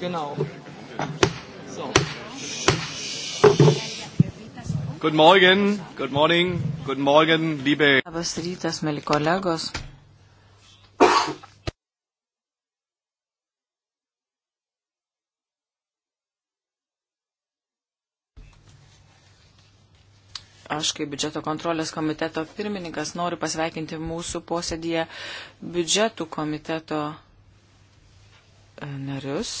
Genau. So. Good morning, good morning, good morning, liebe. Labas rytas, mėly kolegos. aš kaip biudžeto kontrolės komiteto pirmininkas noriu pasveikinti mūsų posėdėje biudžetų komiteto e, narius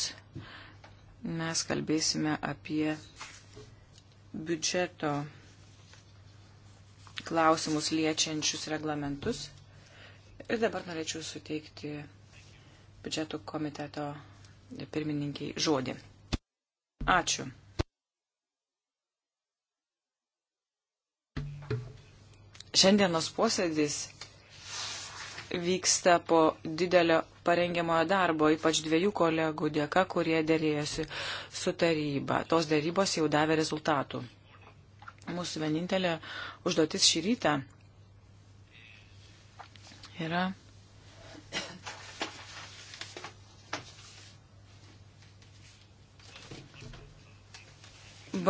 mes kalbėsime apie biudžeto klausimus liečiančius reglamentus. Ir dabar norėčiau suteikti biudžeto komiteto pirmininkiai žodį. Ačiū. Šiandienos posėdis vyksta po didelio parengiamojo darbo, ypač dviejų kolegų dėka, kurie dėrėjosi su taryba. Tos dėrybos jau davė rezultatų. Mūsų vienintelė užduotis šį rytą yra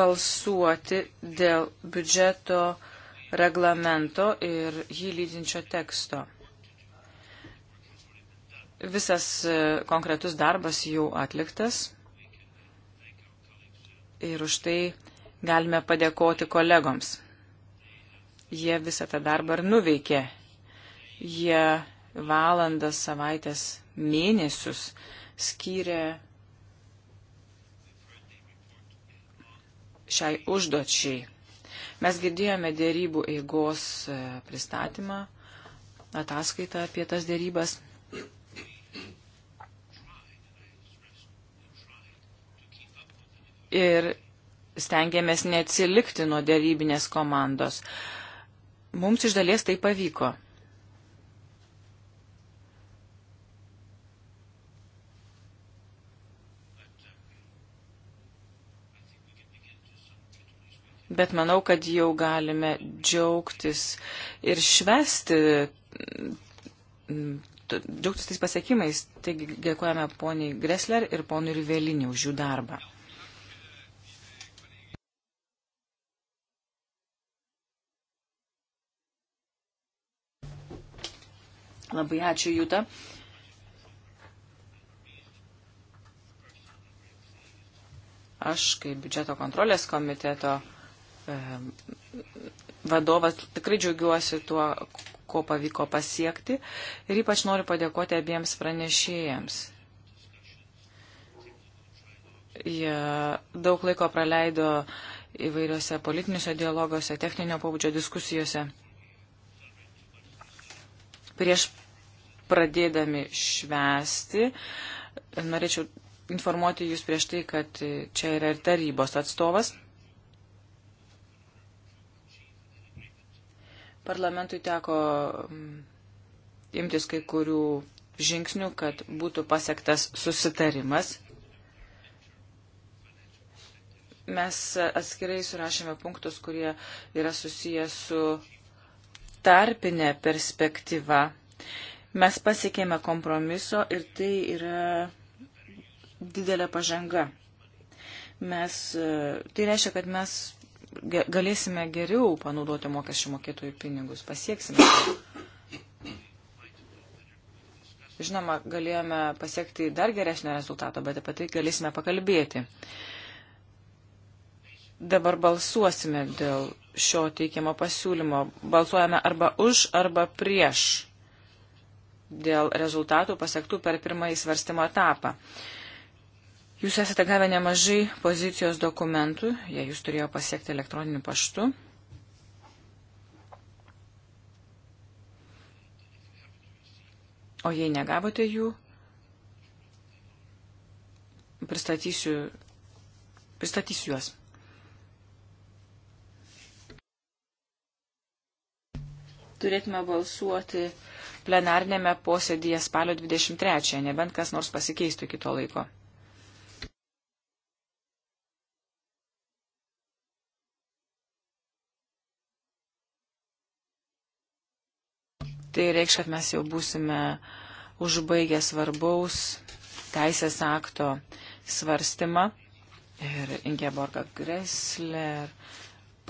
balsuoti dėl biudžeto reglamento ir jį lydinčio teksto. Visas e, konkretus darbas jau atliktas ir už tai galime padėkoti kolegoms. Jie visą tą darbą ir nuveikė. Jie valandas, savaitės, mėnesius skyrė šiai užduočiai. Mes girdėjome dėrybų eigos e, pristatymą, ataskaitą apie tas dėrybas. ir stengiamės neatsilikti nuo dėrybinės komandos. Mums iš dalies tai pavyko. Bet manau, kad jau galime džiaugtis ir švesti, džiaugtis tais pasiekimais. Taigi dėkojame poniai Gressler ir ponui Rivelinį už jų darbą. Labai ačiū Jūta. Aš kaip biudžeto kontrolės komiteto vadovas tikrai džiaugiuosi tuo, ko pavyko pasiekti ir ypač noriu padėkoti abiems pranešėjams. Jie daug laiko praleido įvairiose politiniuose dialoguose, techninio pobūdžio diskusijose. Prieš pradėdami švesti, norėčiau informuoti Jūs prieš tai, kad čia yra ir tarybos atstovas. Parlamentui teko mm, imtis kai kurių žingsnių, kad būtų pasiektas susitarimas. Mes atskirai surašėme punktus, kurie yra susijęs su tarpinė perspektyva. Mes pasiekėme kompromiso ir tai yra didelė pažanga. Mes, e, tai reiškia, kad mes galėsime geriau panaudoti mokesčių mokėtojų pinigus, pasieksime. Tai. Žinoma, galėjome pasiekti dar geresnio rezultato, bet apie tai galėsime pakalbėti. Dabar balsuosime dėl šio teikiamo pasiūlymo. Balsuojame arba už, arba prieš dėl rezultatų pasiektų per pirmąjį svarstymo etapą. Jūs esate gavę nemažai pozicijos dokumentų, jie jūs turėjo pasiekti elektroniniu paštu. O jei negavote jų, pristatysiu, pristatysiu juos. turėtume balsuoti plenarnėme posėdėje spalio 23, nebent kas nors pasikeistų iki to laiko. Tai reikš, kad mes jau būsime užbaigę svarbaus teisės akto svarstymą. Ir Ingeborga Gresler,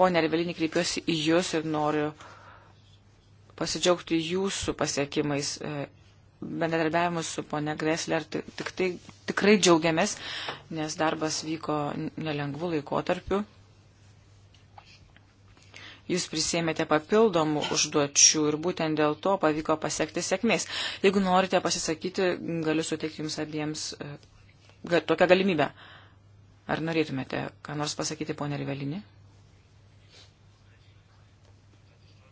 ponė Revelinį, kreipiuosi į Jūs ir noriu pasidžiaugti jūsų pasiekimais e, bendradarbiavimus su pone Gresler. Tik tai, tikrai džiaugiamės, nes darbas vyko nelengvų laikotarpių. Jūs prisėmėte papildomų užduočių ir būtent dėl to pavyko pasiekti sėkmės. Jeigu norite pasisakyti, galiu suteikti jums abiems e, tokią galimybę. Ar norėtumėte ką nors pasakyti, ponė Rivelinė?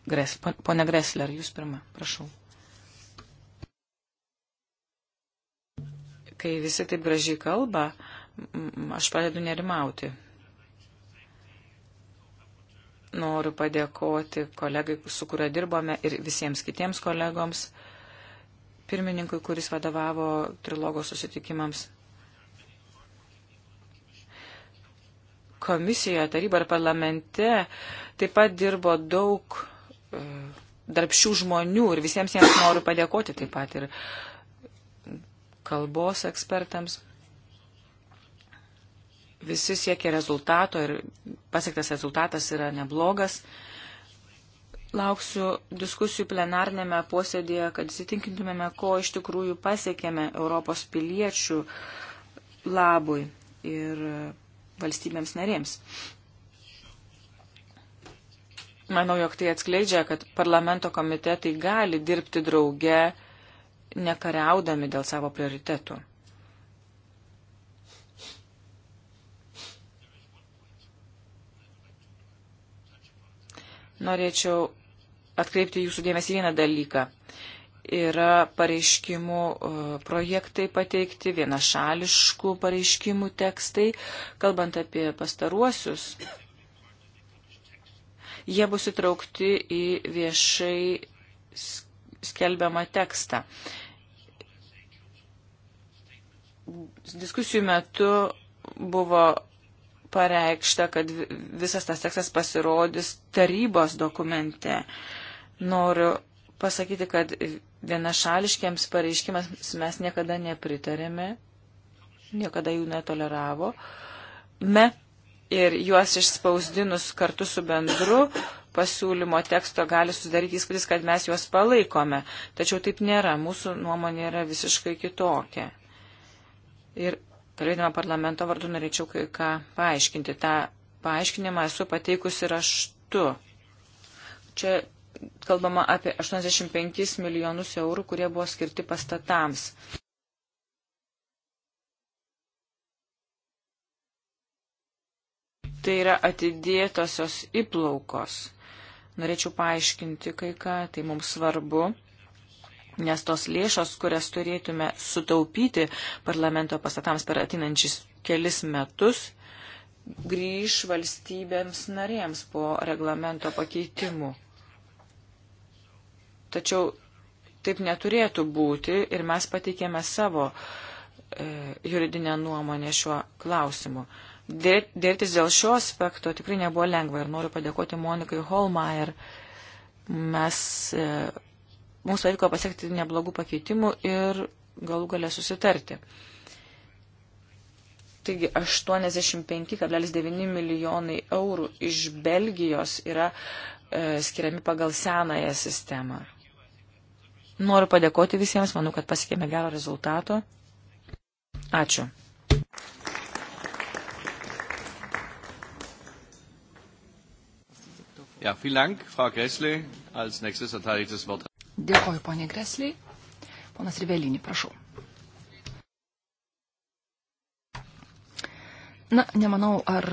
Gres, ponia Gresler, jūs pirma, prašau. Kai visi taip gražiai kalba, aš pradedu nerimauti. Noriu padėkoti kolegai, su kuria dirbome ir visiems kitiems kolegoms, pirmininkui, kuris vadovavo trilogo susitikimams. Komisijoje, taryba ir parlamente taip pat dirbo daug darbšių e, žmonių ir visiems jiems noriu padėkoti taip pat ir kalbos ekspertams. Visi siekia rezultato ir pasiektas rezultatas yra neblogas. Lauksiu diskusijų plenarnėme posėdėje, kad įsitinkintumėme, ko iš tikrųjų pasiekėme Europos piliečių labui ir valstybėms narėms. Manau, jog tai atskleidžia, kad parlamento komitetai gali dirbti drauge, nekariaudami dėl savo prioritetų. Norėčiau atkreipti jūsų dėmesį vieną dalyką. Yra pareiškimų e, projektai pateikti, vienašališkų pareiškimų tekstai, kalbant apie pastaruosius jie bus įtraukti į viešai skelbiamą tekstą. Diskusijų metu buvo pareikšta, kad visas tas tekstas pasirodys tarybos dokumente. Noriu pasakyti, kad vienašališkiams pareiškimams mes niekada nepritarėme, niekada jų netoleravo. Me ir juos išspausdinus kartu su bendru pasiūlymo teksto gali sudaryti įspūdis, kad mes juos palaikome. Tačiau taip nėra. Mūsų nuomonė yra visiškai kitokia. Ir kalbėdama parlamento vardu norėčiau kai ką paaiškinti. Ta paaiškinimą esu pateikusi raštu. Čia kalbama apie 85 milijonus eurų, kurie buvo skirti pastatams. tai yra atidėtosios įplaukos. Norėčiau paaiškinti kai ką, tai mums svarbu, nes tos lėšos, kurias turėtume sutaupyti parlamento pastatams per atinančius kelis metus, grįž valstybėms narėms po reglamento pakeitimų. Tačiau taip neturėtų būti ir mes pateikėme savo e, juridinę nuomonę šiuo klausimu. E, Dėrtis dėl šio aspekto tikrai nebuvo lengva ir noriu padėkoti Monikai Holmeier. Mes, e, mums pavyko pasiekti neblogų pakeitimų ir galų galę susitarti. Taigi 85,9 milijonai eurų iš Belgijos yra e, skiriami pagal senąją sistemą. Noriu padėkoti visiems, manau, kad pasiekėme gero rezultato. Ačiū. Ja, vielen Dank, Frau Gressle. Als nächstes erteile ich das Wort. Dėkoju, ponė Gressle. Ponas Rivelinį, prašau. Na, nemanau, ar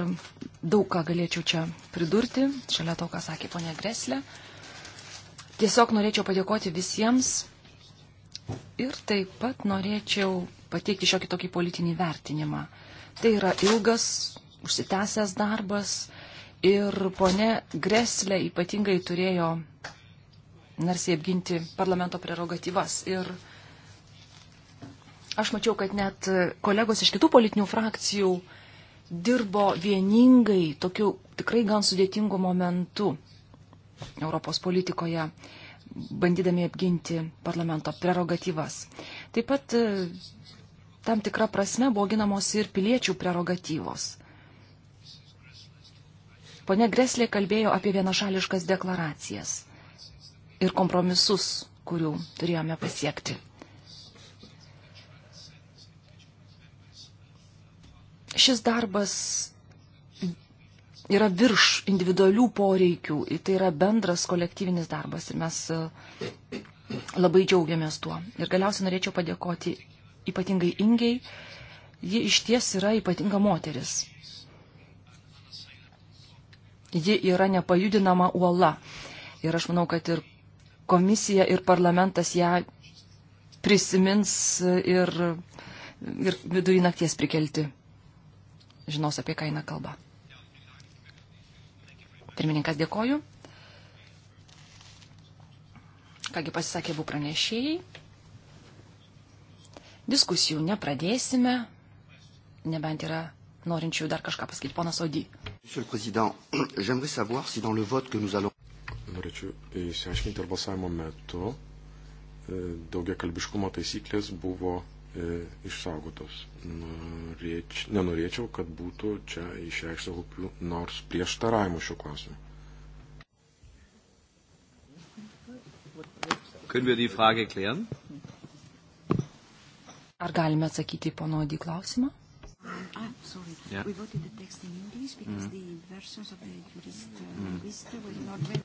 daug ką galėčiau čia pridurti, šalia to, ką sakė ponė Greslė. Tiesiog norėčiau padėkoti visiems ir taip pat norėčiau pateikti šiokį tokį politinį vertinimą. Tai yra ilgas, užsitęsęs darbas, Ir ponė Greslė ypatingai turėjo narsiai apginti parlamento prerogatyvas. Ir aš mačiau, kad net kolegos iš kitų politinių frakcijų dirbo vieningai tokiu tikrai gan sudėtingu momentu Europos politikoje, bandydami apginti parlamento prerogatyvas. Taip pat e, tam tikra prasme buvo ginamos ir piliečių prerogatyvos. Pone Greslė kalbėjo apie vienašališkas deklaracijas ir kompromisus, kurių turėjome pasiekti. Šis darbas yra virš individualių poreikių, tai yra bendras kolektyvinis darbas ir mes e, labai džiaugiamės tuo. Ir galiausiai norėčiau padėkoti ypatingai Ingiai, ji iš ties yra ypatinga moteris ji yra nepajudinama uola. Ir aš manau, kad ir komisija, ir parlamentas ją prisimins ir, ir vidurį nakties prikelti. Žinos, apie ką eina kalba. Pirmininkas dėkoju. Kągi pasisakė buvo pranešėjai. Diskusijų nepradėsime, nebent yra norinčių dar kažką pasakyti. Ponas Odį. Norėčiau įsiaiškinti, ar balsavimo metu e, daugia kalbiškumo taisyklės buvo e, išsaugotos. Norėč, nenorėčiau, kad būtų čia išreikšta kokių nors prieštaravimų šiuo klausimu. Ar galime atsakyti į pono Odį klausimą? Ah, sorry. Yeah. We voted the text in English because mm. the versions of the jurist uh, mm. list were not very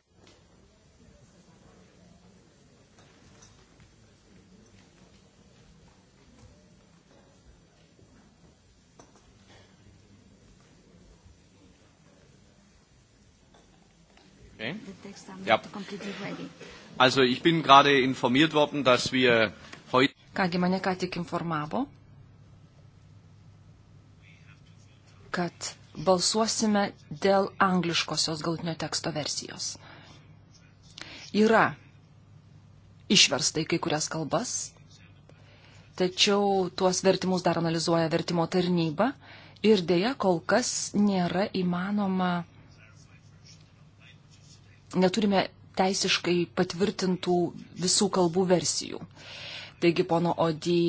Okay. The text are yep. not completely ready. Also, ich bin gerade informiert worden, dass wir heute Kągi mane ką tik informavo, kad balsuosime dėl angliškosios galtinio teksto versijos. Yra išverstai kai kurias kalbas, tačiau tuos vertimus dar analizuoja vertimo tarnyba ir dėja kol kas nėra įmanoma, neturime teisiškai patvirtintų visų kalbų versijų. Taigi pono Odį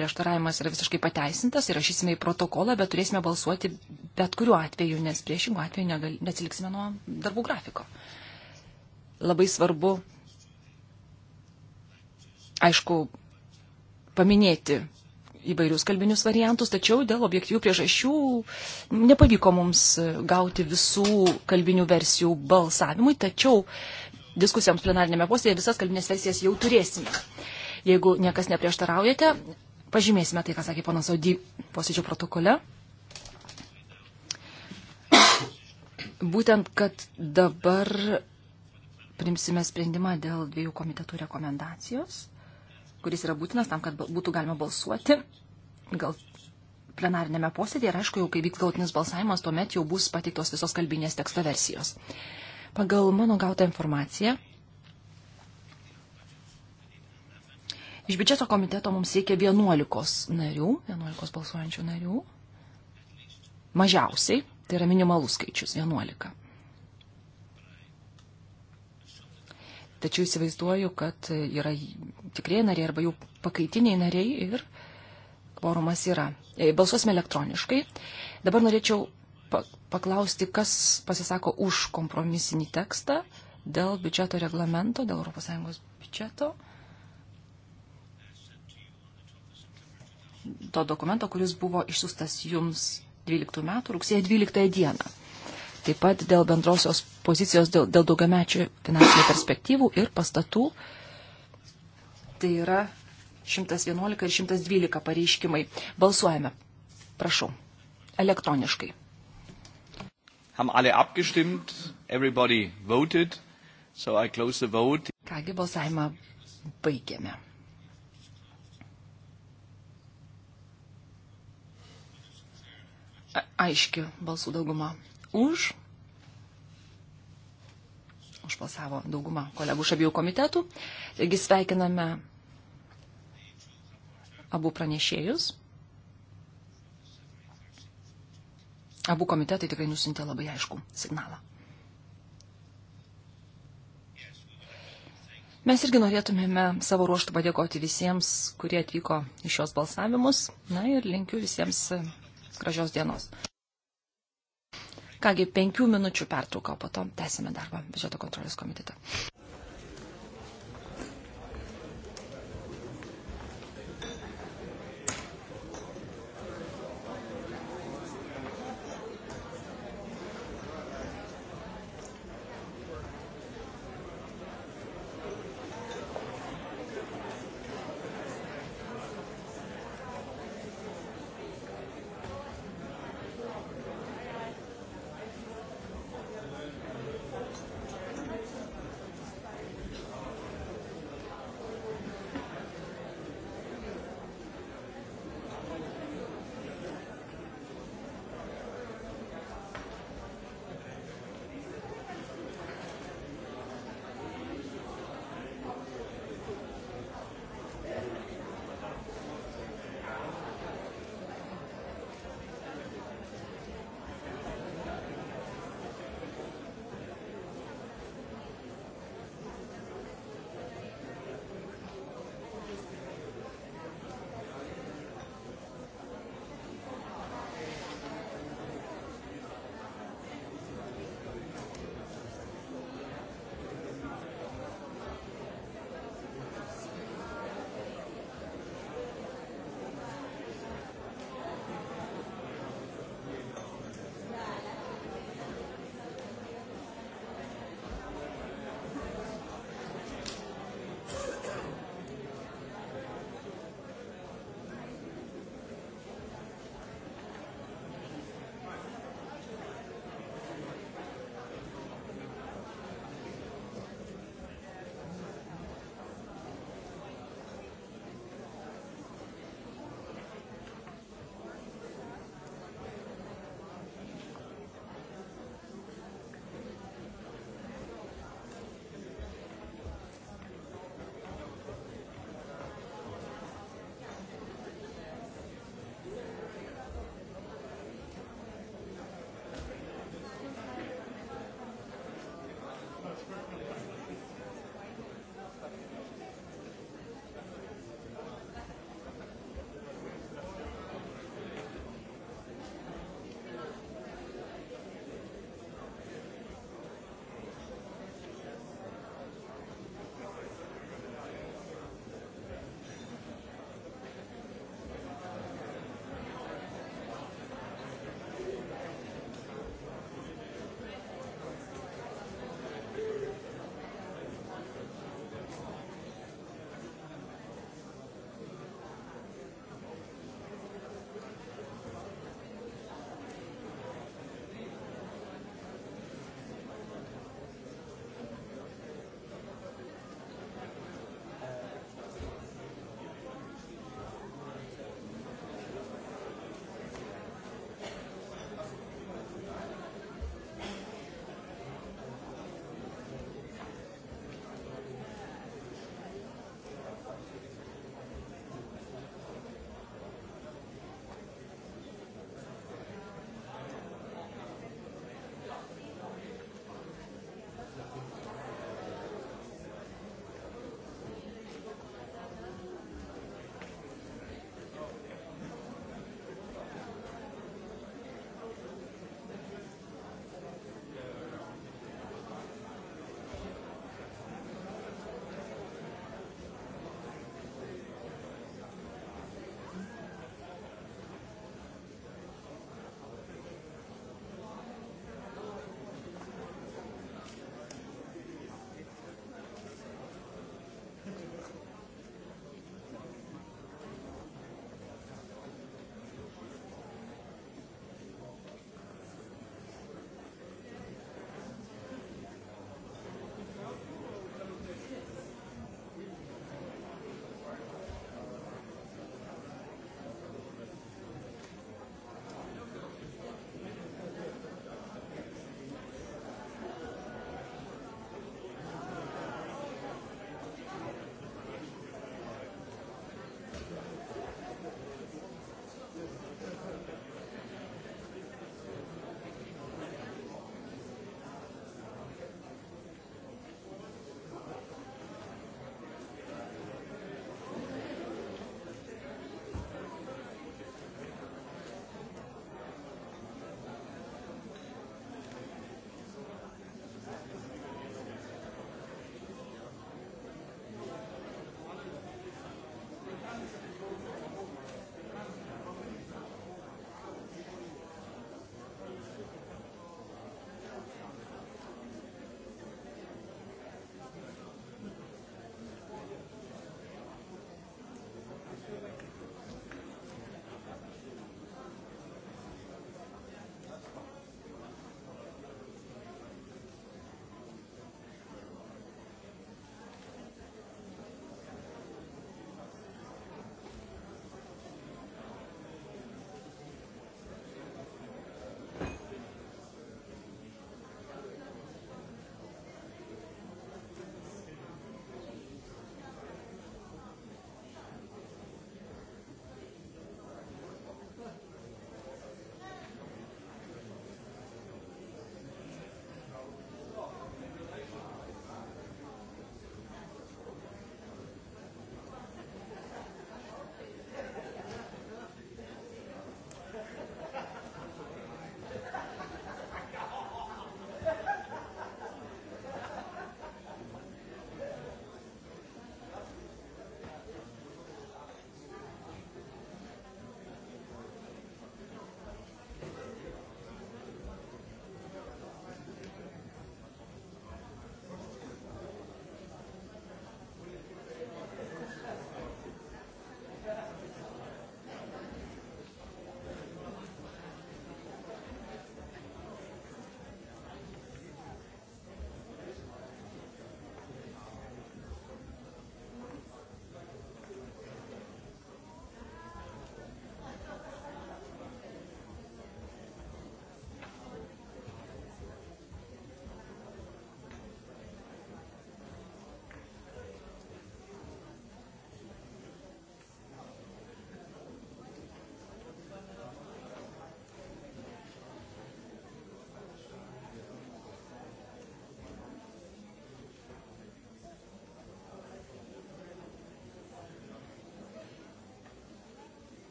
prieštaravimas yra visiškai pateisintas, įrašysime į protokolą, bet turėsime balsuoti bet kuriuo atveju, nes priešingų atveju negal, neatsiliksime nuo darbų grafiko. Labai svarbu, aišku, paminėti įvairius kalbinius variantus, tačiau dėl objektyvių priežasčių nepavyko mums gauti visų kalbinių versijų balsavimui, tačiau diskusijoms plenarinėme posėdėje visas kalbinės versijas jau turėsime. Jeigu niekas neprieštaraujate, pažymėsime tai, ką sakė ponas Audy posėdžio protokole. Būtent, kad dabar primsime sprendimą dėl dviejų komitetų rekomendacijos, kuris yra būtinas tam, kad būtų galima balsuoti. Gal plenarinėme posėdėje ir aišku, jau kai vyks galtinis balsavimas, tuomet jau bus pateiktos visos kalbinės teksto versijos. Pagal mano gautą informaciją, Iš biudžeto komiteto mums reikia 11 narių, 11 balsuojančių narių. Mažiausiai, tai yra minimalus skaičius, 11. Tačiau įsivaizduoju, kad yra tikrai nariai arba jų pakaitiniai nariai ir kvorumas yra. E, balsuosime elektroniškai. Dabar norėčiau paklausti, kas pasisako už kompromisinį tekstą dėl biudžeto reglamento, dėl ES biudžeto. to dokumento, kuris buvo išsiustas jums 12 metų rugsėjo 12 dieną. Taip pat dėl bendrosios pozicijos dėl, dėl daugiamečių finansinių perspektyvų ir pastatų. Tai yra 111 ir 112 pareiškimai. Balsuojame. Prašau. Elektroniškai. Haben alle abgestimmt, everybody voted, so I close the vote. Kągi balsavimą baigėme. aiški balsų dauguma už. Užpasavo dauguma kolegų iš abiejų komitetų. Taigi sveikiname abu pranešėjus. Abu komitetai tikrai nusintė labai aišku signalą. Mes irgi norėtumėme savo ruoštų padėkoti visiems, kurie atvyko į šios balsavimus. Na ir linkiu visiems gražios dienos. Kągi, penkių minučių pertrauka, po to tęsime darbą biudžeto kontrolės komitete.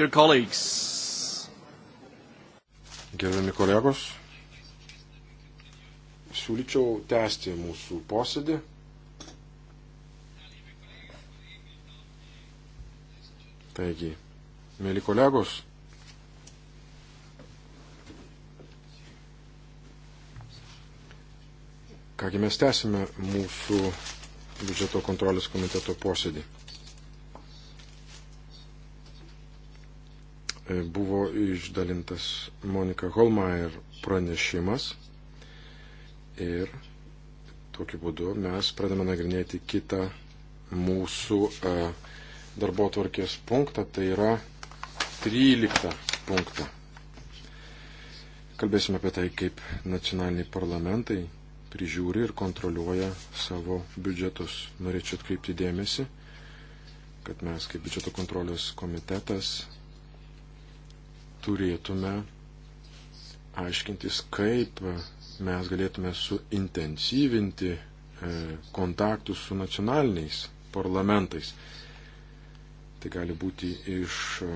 Dear colleagues. Gerbiami kolegos, siūlyčiau tęsti mūsų posėdį. Taigi, mėly kolegos, kągi mes tęsime mūsų biudžeto kontrolės komiteto posėdį. E, buvo išdalintas Monika Holmeier pranešimas ir tokiu būdu mes pradame nagrinėti kitą mūsų e, darbo tvarkės punktą, tai yra 13 punktą. Kalbėsime apie tai, kaip nacionaliniai parlamentai prižiūri ir kontroliuoja savo biudžetus. Norėčiau atkreipti dėmesį, kad mes kaip biudžeto kontrolės komitetas turėtume aiškintis, kaip mes galėtume suintensyvinti e, kontaktus su nacionaliniais parlamentais. Tai gali būti iš e,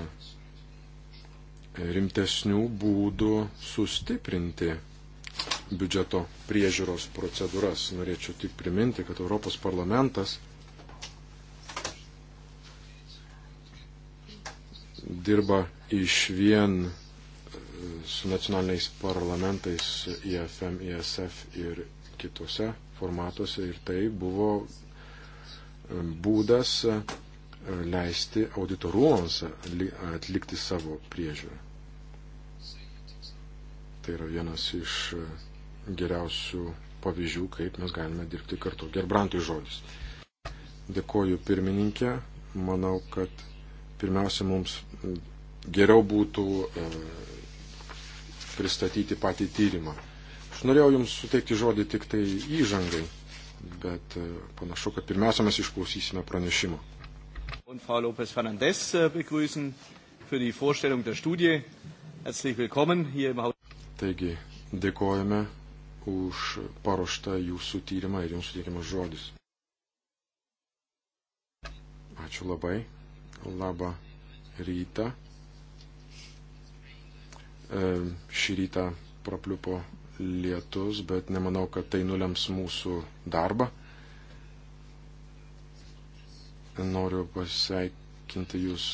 rimtesnių būdų sustiprinti biudžeto priežiūros procedūras. Norėčiau tik priminti, kad Europos parlamentas dirba iš vien e, su nacionaliniais parlamentais IFM, ISF ir kitose formatuose ir tai buvo e, būdas e, leisti auditorumams atlikti savo priežiūrą. Tai yra vienas iš geriausių pavyzdžių, kaip mes galime dirbti kartu. Gerbrantui žodis. Dėkoju pirmininkė. Manau, kad pirmiausia mums geriau būtų e, pristatyti patį tyrimą. Aš norėjau Jums suteikti žodį tik tai įžangai, bet e, panašu, kad pirmiausia mes išklausysime pranešimo. Und Frau Lopez Fernandez äh, begrüßen für die Vorstellung der Studie. Herzlich willkommen hier im Haus. Taigi, dėkojame už paruoštą Jūsų tyrimą ir Jums suteikiamas žodis. Ačiū labai. Labą rytą. E, šį rytą prapliupo lietus, bet nemanau, kad tai nulems mūsų darbą. Noriu pasveikinti Jūs,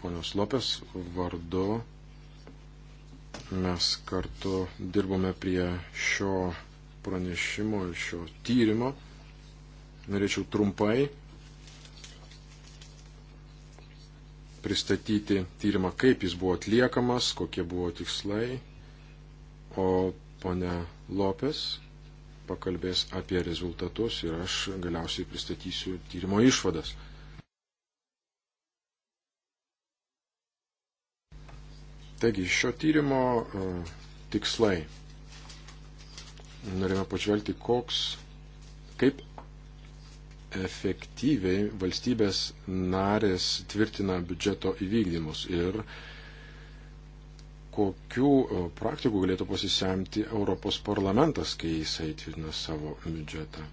ponios Lopės, vardu. Mes kartu dirbome prie šio pranešimo ir šio tyrimo. Norėčiau trumpai pristatyti tyrimą, kaip jis buvo atliekamas, kokie buvo tikslai, o ponia Lopes pakalbės apie rezultatus ir aš galiausiai pristatysiu tyrimo išvadas. Taigi, šio tyrimo e, tikslai. Norime pažvelgti, koks, kaip efektyviai valstybės narės tvirtina biudžeto įvykdymus ir kokių e, praktikų galėtų pasisemti Europos parlamentas, kai jisai tvirtina savo biudžetą.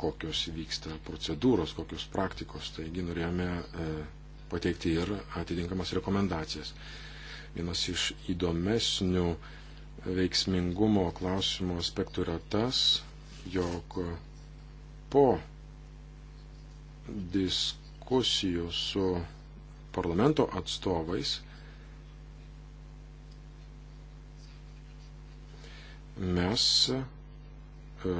Kokios vyksta procedūros, kokios praktikos. Taigi norėjome e, pateikti ir atitinkamas rekomendacijas. Vienas iš įdomesnių veiksmingumo klausimo aspektų yra tas, jog po diskusijų su parlamento atstovais mes e,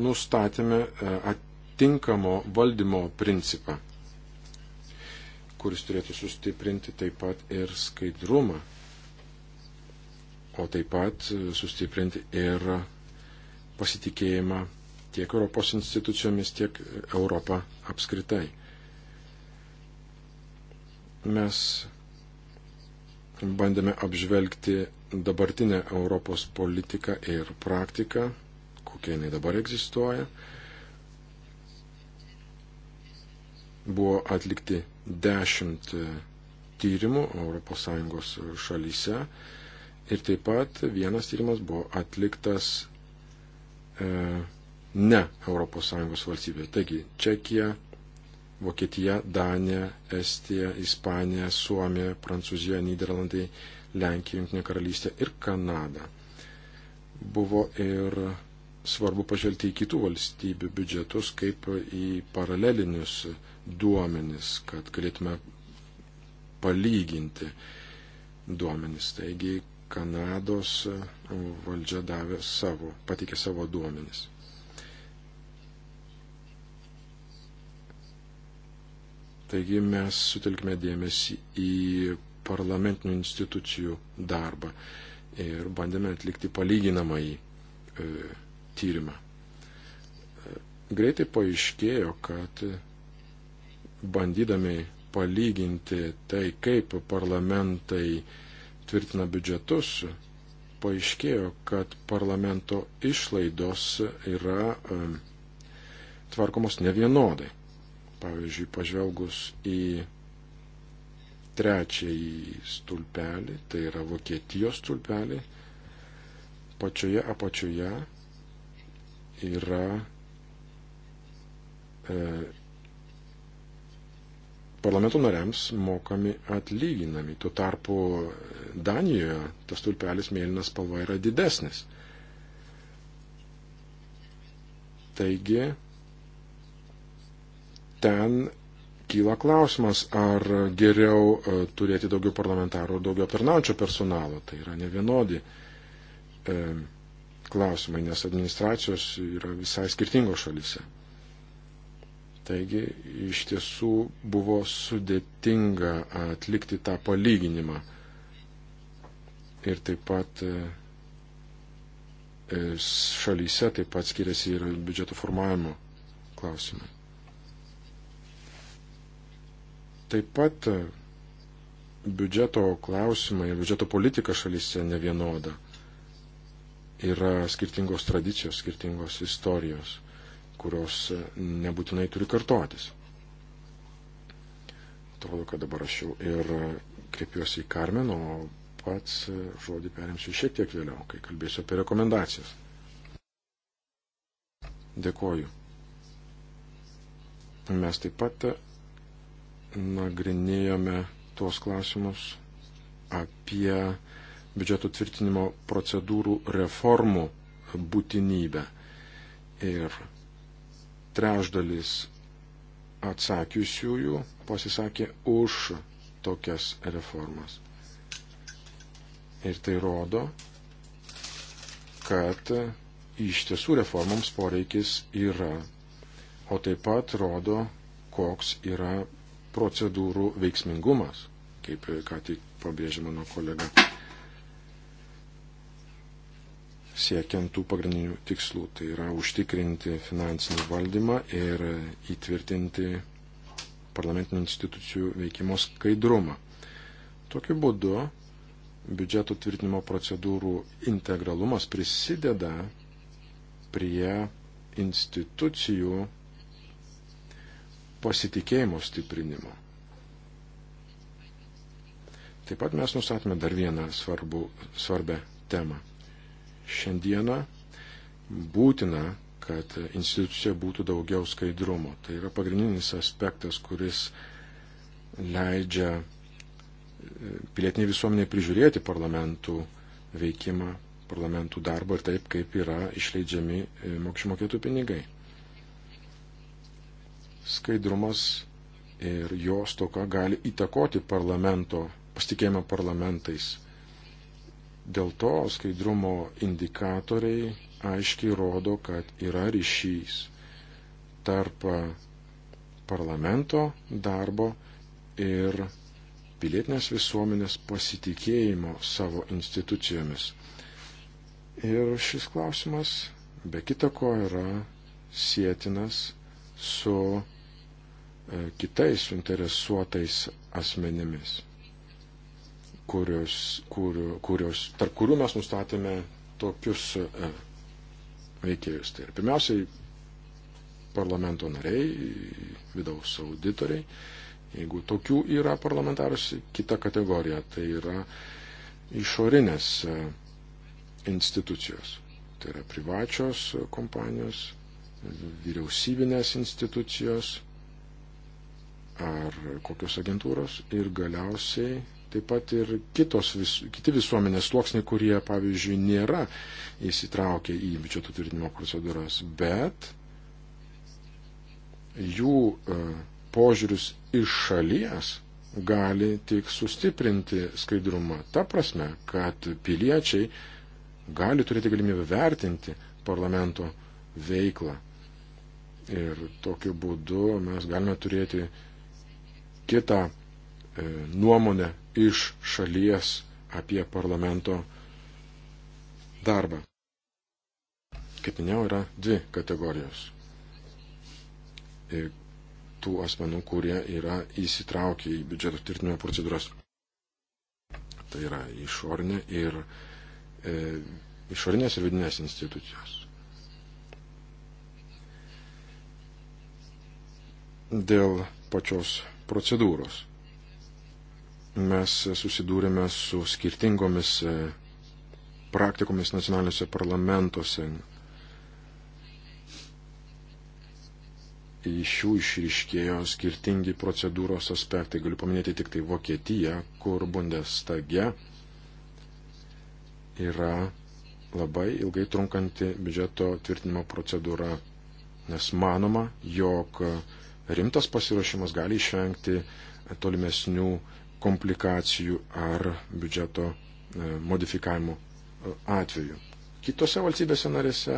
nustatėme e, atinkamo valdymo principą, kuris turėtų sustiprinti taip pat ir skaidrumą, o taip pat sustiprinti ir pasitikėjimą tiek Europos institucijomis, tiek Europą apskritai. Mes bandėme apžvelgti dabartinę Europos politiką ir praktiką, kokia jinai dabar egzistuoja. Buvo atlikti dešimt tyrimų ES šalyse ir taip pat vienas tyrimas buvo atliktas e, ne ES valstybė. Taigi Čekija, Vokietija, Danija, Estija, Ispanija, Suomija, Prancūzija, Niderlandai, Lenkija, Junktinė karalystė ir Kanada. Buvo ir svarbu pažvelgti į kitų valstybių biudžetus kaip į paralelinius duomenis, kad galėtume palyginti duomenis. Taigi Kanados valdžia davė savo, patikė savo duomenis. Taigi mes sutelkime dėmesį į parlamentinių institucijų darbą ir bandėme atlikti palyginamąjį e, tyrimą. E, greitai paaiškėjo, kad bandydami palyginti tai, kaip parlamentai tvirtina biudžetus, paaiškėjo, kad parlamento išlaidos yra e, tvarkomos nevienodai. Pavyzdžiui, pažvelgus į trečiąjį stulpelį, tai yra Vokietijos stulpelį, pačioje apačioje yra e, parlamento nariams mokami atlyginami. Tuo tarpu Danijoje tas tulpelis mėlynas spalva yra didesnis. Taigi ten kyla klausimas, ar geriau e, turėti daugiau parlamentarų ir daugiau aptarnaujančio personalo. Tai yra nevienodi e, klausimai, nes administracijos yra visai skirtingos šalise. Taigi iš tiesų buvo sudėtinga atlikti tą palyginimą. Ir taip pat e, šalyse taip pat skiriasi ir biudžeto formavimo klausimai. Taip pat e, biudžeto klausimai ir biudžeto politika šalyse nevienoda. Yra skirtingos tradicijos, skirtingos istorijos, kurios e, nebūtinai turi kartotis. Atrodo, kad dabar aš jau ir e, kreipiuosi į Karmen, o pats žodį perimsiu šiek tiek vėliau, kai kalbėsiu apie rekomendacijas. Dėkoju. Mes taip pat nagrinėjome tuos klausimus apie biudžeto tvirtinimo procedūrų reformų būtinybę. Ir trešdalis atsakiusiųjų pasisakė už tokias reformas. Ir tai rodo, kad iš tiesų reformoms poreikis yra, o taip pat rodo, koks yra procedūrų veiksmingumas, kaip ką tik pabrėžė mano kolega, siekiant tų pagrindinių tikslų, tai yra užtikrinti finansinį valdymą ir įtvirtinti parlamentinių institucijų veikimo skaidrumą. Tokiu būdu biudžeto tvirtinimo procedūrų integralumas prisideda prie institucijų pasitikėjimo stiprinimo. Taip pat mes nustatome dar vieną svarbu, svarbę temą. Šiandieną būtina, kad institucija būtų daugiau skaidrumo. Tai yra pagrindinis aspektas, kuris leidžia e, pilietiniai visuomeniai prižiūrėti parlamentų veikimą, parlamentų darbą ir taip, kaip yra išleidžiami e, mokesčių mokėtų pinigai. Skaidrumas ir jo stoka gali įtakoti parlamento, pasitikėjimą parlamentais. Dėl to skaidrumo indikatoriai aiškiai rodo, kad yra ryšys tarp parlamento darbo ir pilietinės visuomenės pasitikėjimo savo institucijomis. Ir šis klausimas, be kita ko, yra sėtinas su e, kitais suinteresuotais asmenėmis, kurios, kur, kurios, tarp kurių mes nustatėme tokius e, veikėjus. Tai ir pirmiausiai parlamento nariai, vidaus auditoriai, jeigu tokių yra parlamentarus, kita kategorija, tai yra išorinės e, institucijos, tai yra privačios kompanijos, vyriausybinės institucijos ar kokios agentūros ir galiausiai taip pat ir kitos, vis, kiti visuomenės sluoksniai, kurie, pavyzdžiui, nėra įsitraukę į biudžeto tvirtinimo procedūras, bet jų e, požiūris iš šalies gali tik sustiprinti skaidrumą. Ta prasme, kad piliečiai gali turėti galimybę vertinti parlamento veiklą Ir tokiu būdu mes galime turėti kitą e, nuomonę iš šalies apie parlamento darbą. Kaip minėjau, yra dvi kategorijos e, tų asmenų, kurie yra įsitraukę į biudžeto tvirtinimo procedūras. Tai yra išorinė ir, e, išorinės ir vidinės institucijos. Dėl pačios procedūros. Mes susidūrėme su skirtingomis e, praktikomis nacionaliniuose parlamentuose. Iš jų išryškėjo skirtingi procedūros aspektai. Galiu paminėti tik tai Vokietiją, kur Bundestage yra labai ilgai trunkanti biudžeto tvirtinimo procedūra, nes manoma, jog rimtas pasiruošimas gali išvengti tolimesnių komplikacijų ar biudžeto e, modifikavimo e, atveju. Kitose valstybėse narėse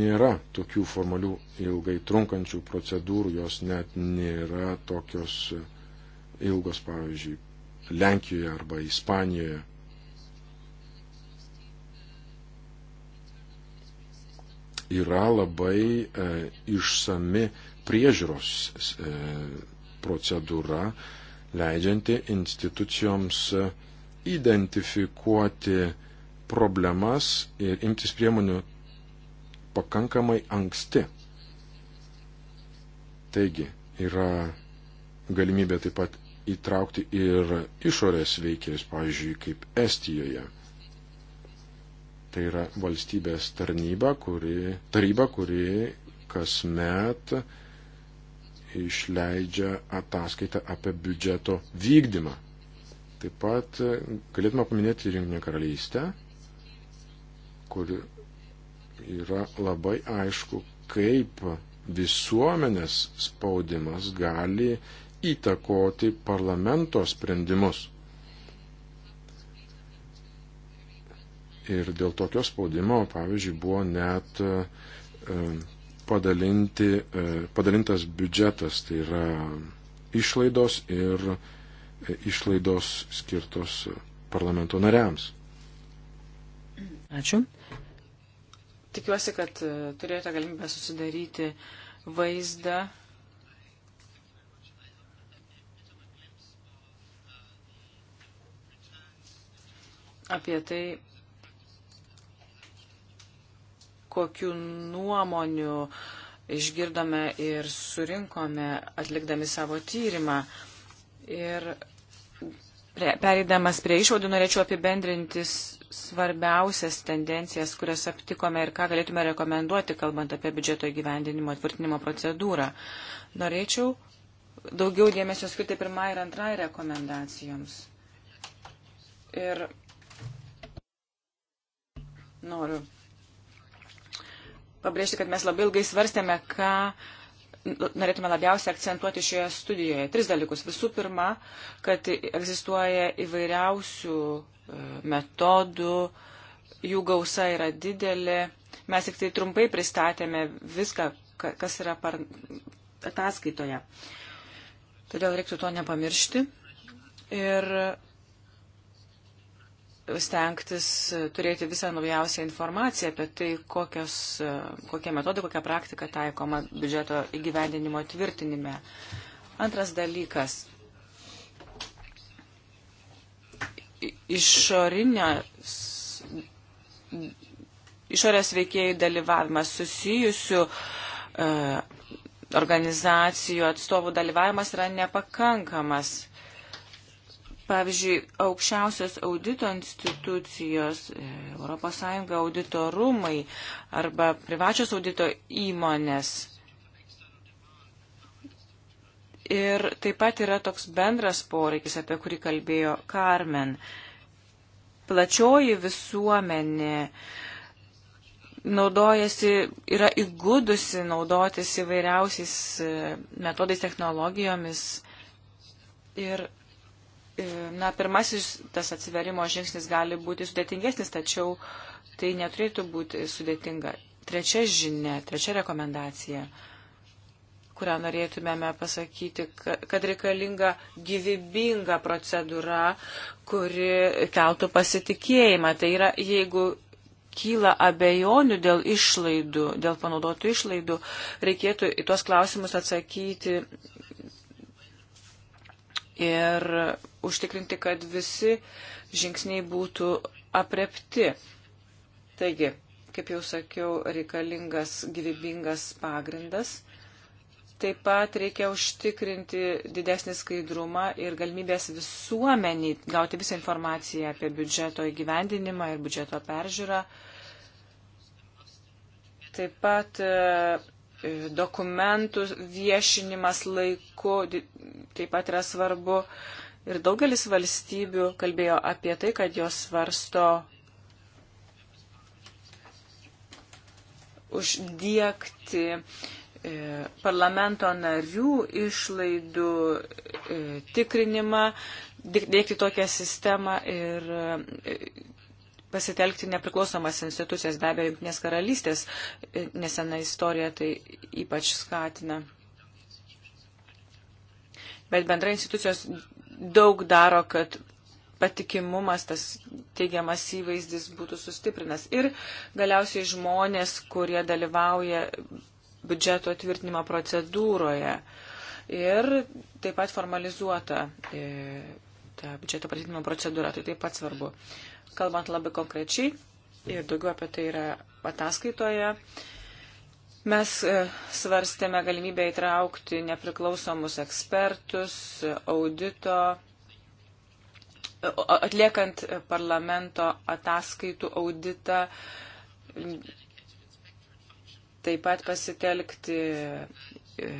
nėra tokių formalių ilgai trunkančių procedūrų, jos net nėra tokios ilgos, pavyzdžiui, Lenkijoje arba Ispanijoje. yra labai e, išsami priežiūros e, procedūra, leidžianti institucijoms e, identifikuoti problemas ir imtis priemonių pakankamai anksti. Taigi yra galimybė taip pat įtraukti ir išorės veikėjus, pavyzdžiui, kaip Estijoje. Tai yra valstybės tarnyba, kuri, taryba, kuri kasmet išleidžia ataskaitą apie biudžeto vykdymą. Taip pat galėtume paminėti Junginę karalystę, kur yra labai aišku, kaip visuomenės spaudimas gali įtakoti parlamento sprendimus. Ir dėl tokio spaudimo, pavyzdžiui, buvo net e, e, padalinti, e, padalintas biudžetas, tai yra išlaidos ir išlaidos skirtos parlamento nariams. Ačiū. Tikiuosi, kad turėjote galimybę susidaryti vaizdą apie tai, kokiu nuomoniu išgirdome ir surinkome atlikdami savo tyrimą. Ir pereidamas prie išvadų norėčiau apibendrintis svarbiausias tendencijas, kurias aptikome ir ką galėtume rekomenduoti, kalbant apie biudžeto įgyvendinimo atvirtinimo procedūrą. Norėčiau daugiau dėmesio skirti pirmai ir antrai rekomendacijoms. Ir noriu pabrėžti, kad mes labai ilgai svarstėme, ką norėtume labiausiai akcentuoti šioje studijoje. Tris dalykus. Visų pirma, kad egzistuoja įvairiausių e, metodų, jų gausa yra didelė. Mes tik tai trumpai pristatėme viską, kas yra par... ataskaitoje. Todėl reiktų to nepamiršti. Ir stengtis e, turėti visą naujausią informaciją apie tai, kokios, e, kokie metodai, kokia praktika taikoma biudžeto įgyvendinimo tvirtinime. Antras dalykas. Išorinės išorės veikėjų dalyvavimas, susijusių e, organizacijų atstovų dalyvavimas yra nepakankamas. Pavyzdžiui, aukščiausios audito institucijos, ES auditorumai arba privačios audito įmonės. Ir taip pat yra toks bendras poreikis, apie kurį kalbėjo Carmen. Plačioji visuomenė naudojasi, yra įgudusi naudotis įvairiausiais e, metodais, technologijomis ir na, pirmasis tas atsiverimo žingsnis gali būti sudėtingesnis, tačiau tai neturėtų būti sudėtinga. Trečia žinia, trečia rekomendacija, kurią norėtumėme pasakyti, kad reikalinga gyvybinga procedūra, kuri keltų pasitikėjimą. Tai yra, jeigu kyla abejonių dėl išlaidų, dėl panaudotų išlaidų, reikėtų į tuos klausimus atsakyti ir užtikrinti, kad visi žingsniai būtų aprepti. Taigi, kaip jau sakiau, reikalingas gyvybingas pagrindas. Taip pat reikia užtikrinti didesnį skaidrumą ir galimybės visuomeniai gauti visą informaciją apie biudžeto įgyvendinimą ir biudžeto peržiūrą. Taip pat e, dokumentų viešinimas laiku taip pat yra svarbu. Ir daugelis valstybių kalbėjo apie tai, kad jos svarsto uždėkti e, parlamento narių išlaidų e, tikrinimą, dėkti tokią sistemą ir e, pasitelkti nepriklausomas institucijas, be abejo, Junktinės karalystės nesena istorija tai ypač skatina. Bet bendrai institucijos daug daro, kad patikimumas, tas teigiamas įvaizdis būtų sustiprinas. Ir galiausiai žmonės, kurie dalyvauja biudžeto tvirtinimo procedūroje. Ir taip pat formalizuota e, ta biudžeto patvirtinimo procedūra, tai taip pat svarbu. Kalbant labai konkrečiai, ir daugiau apie tai yra ataskaitoje, Mes e, svarstėme galimybę įtraukti nepriklausomus ekspertus, audito, atliekant parlamento ataskaitų auditą, taip pat pasitelkti e,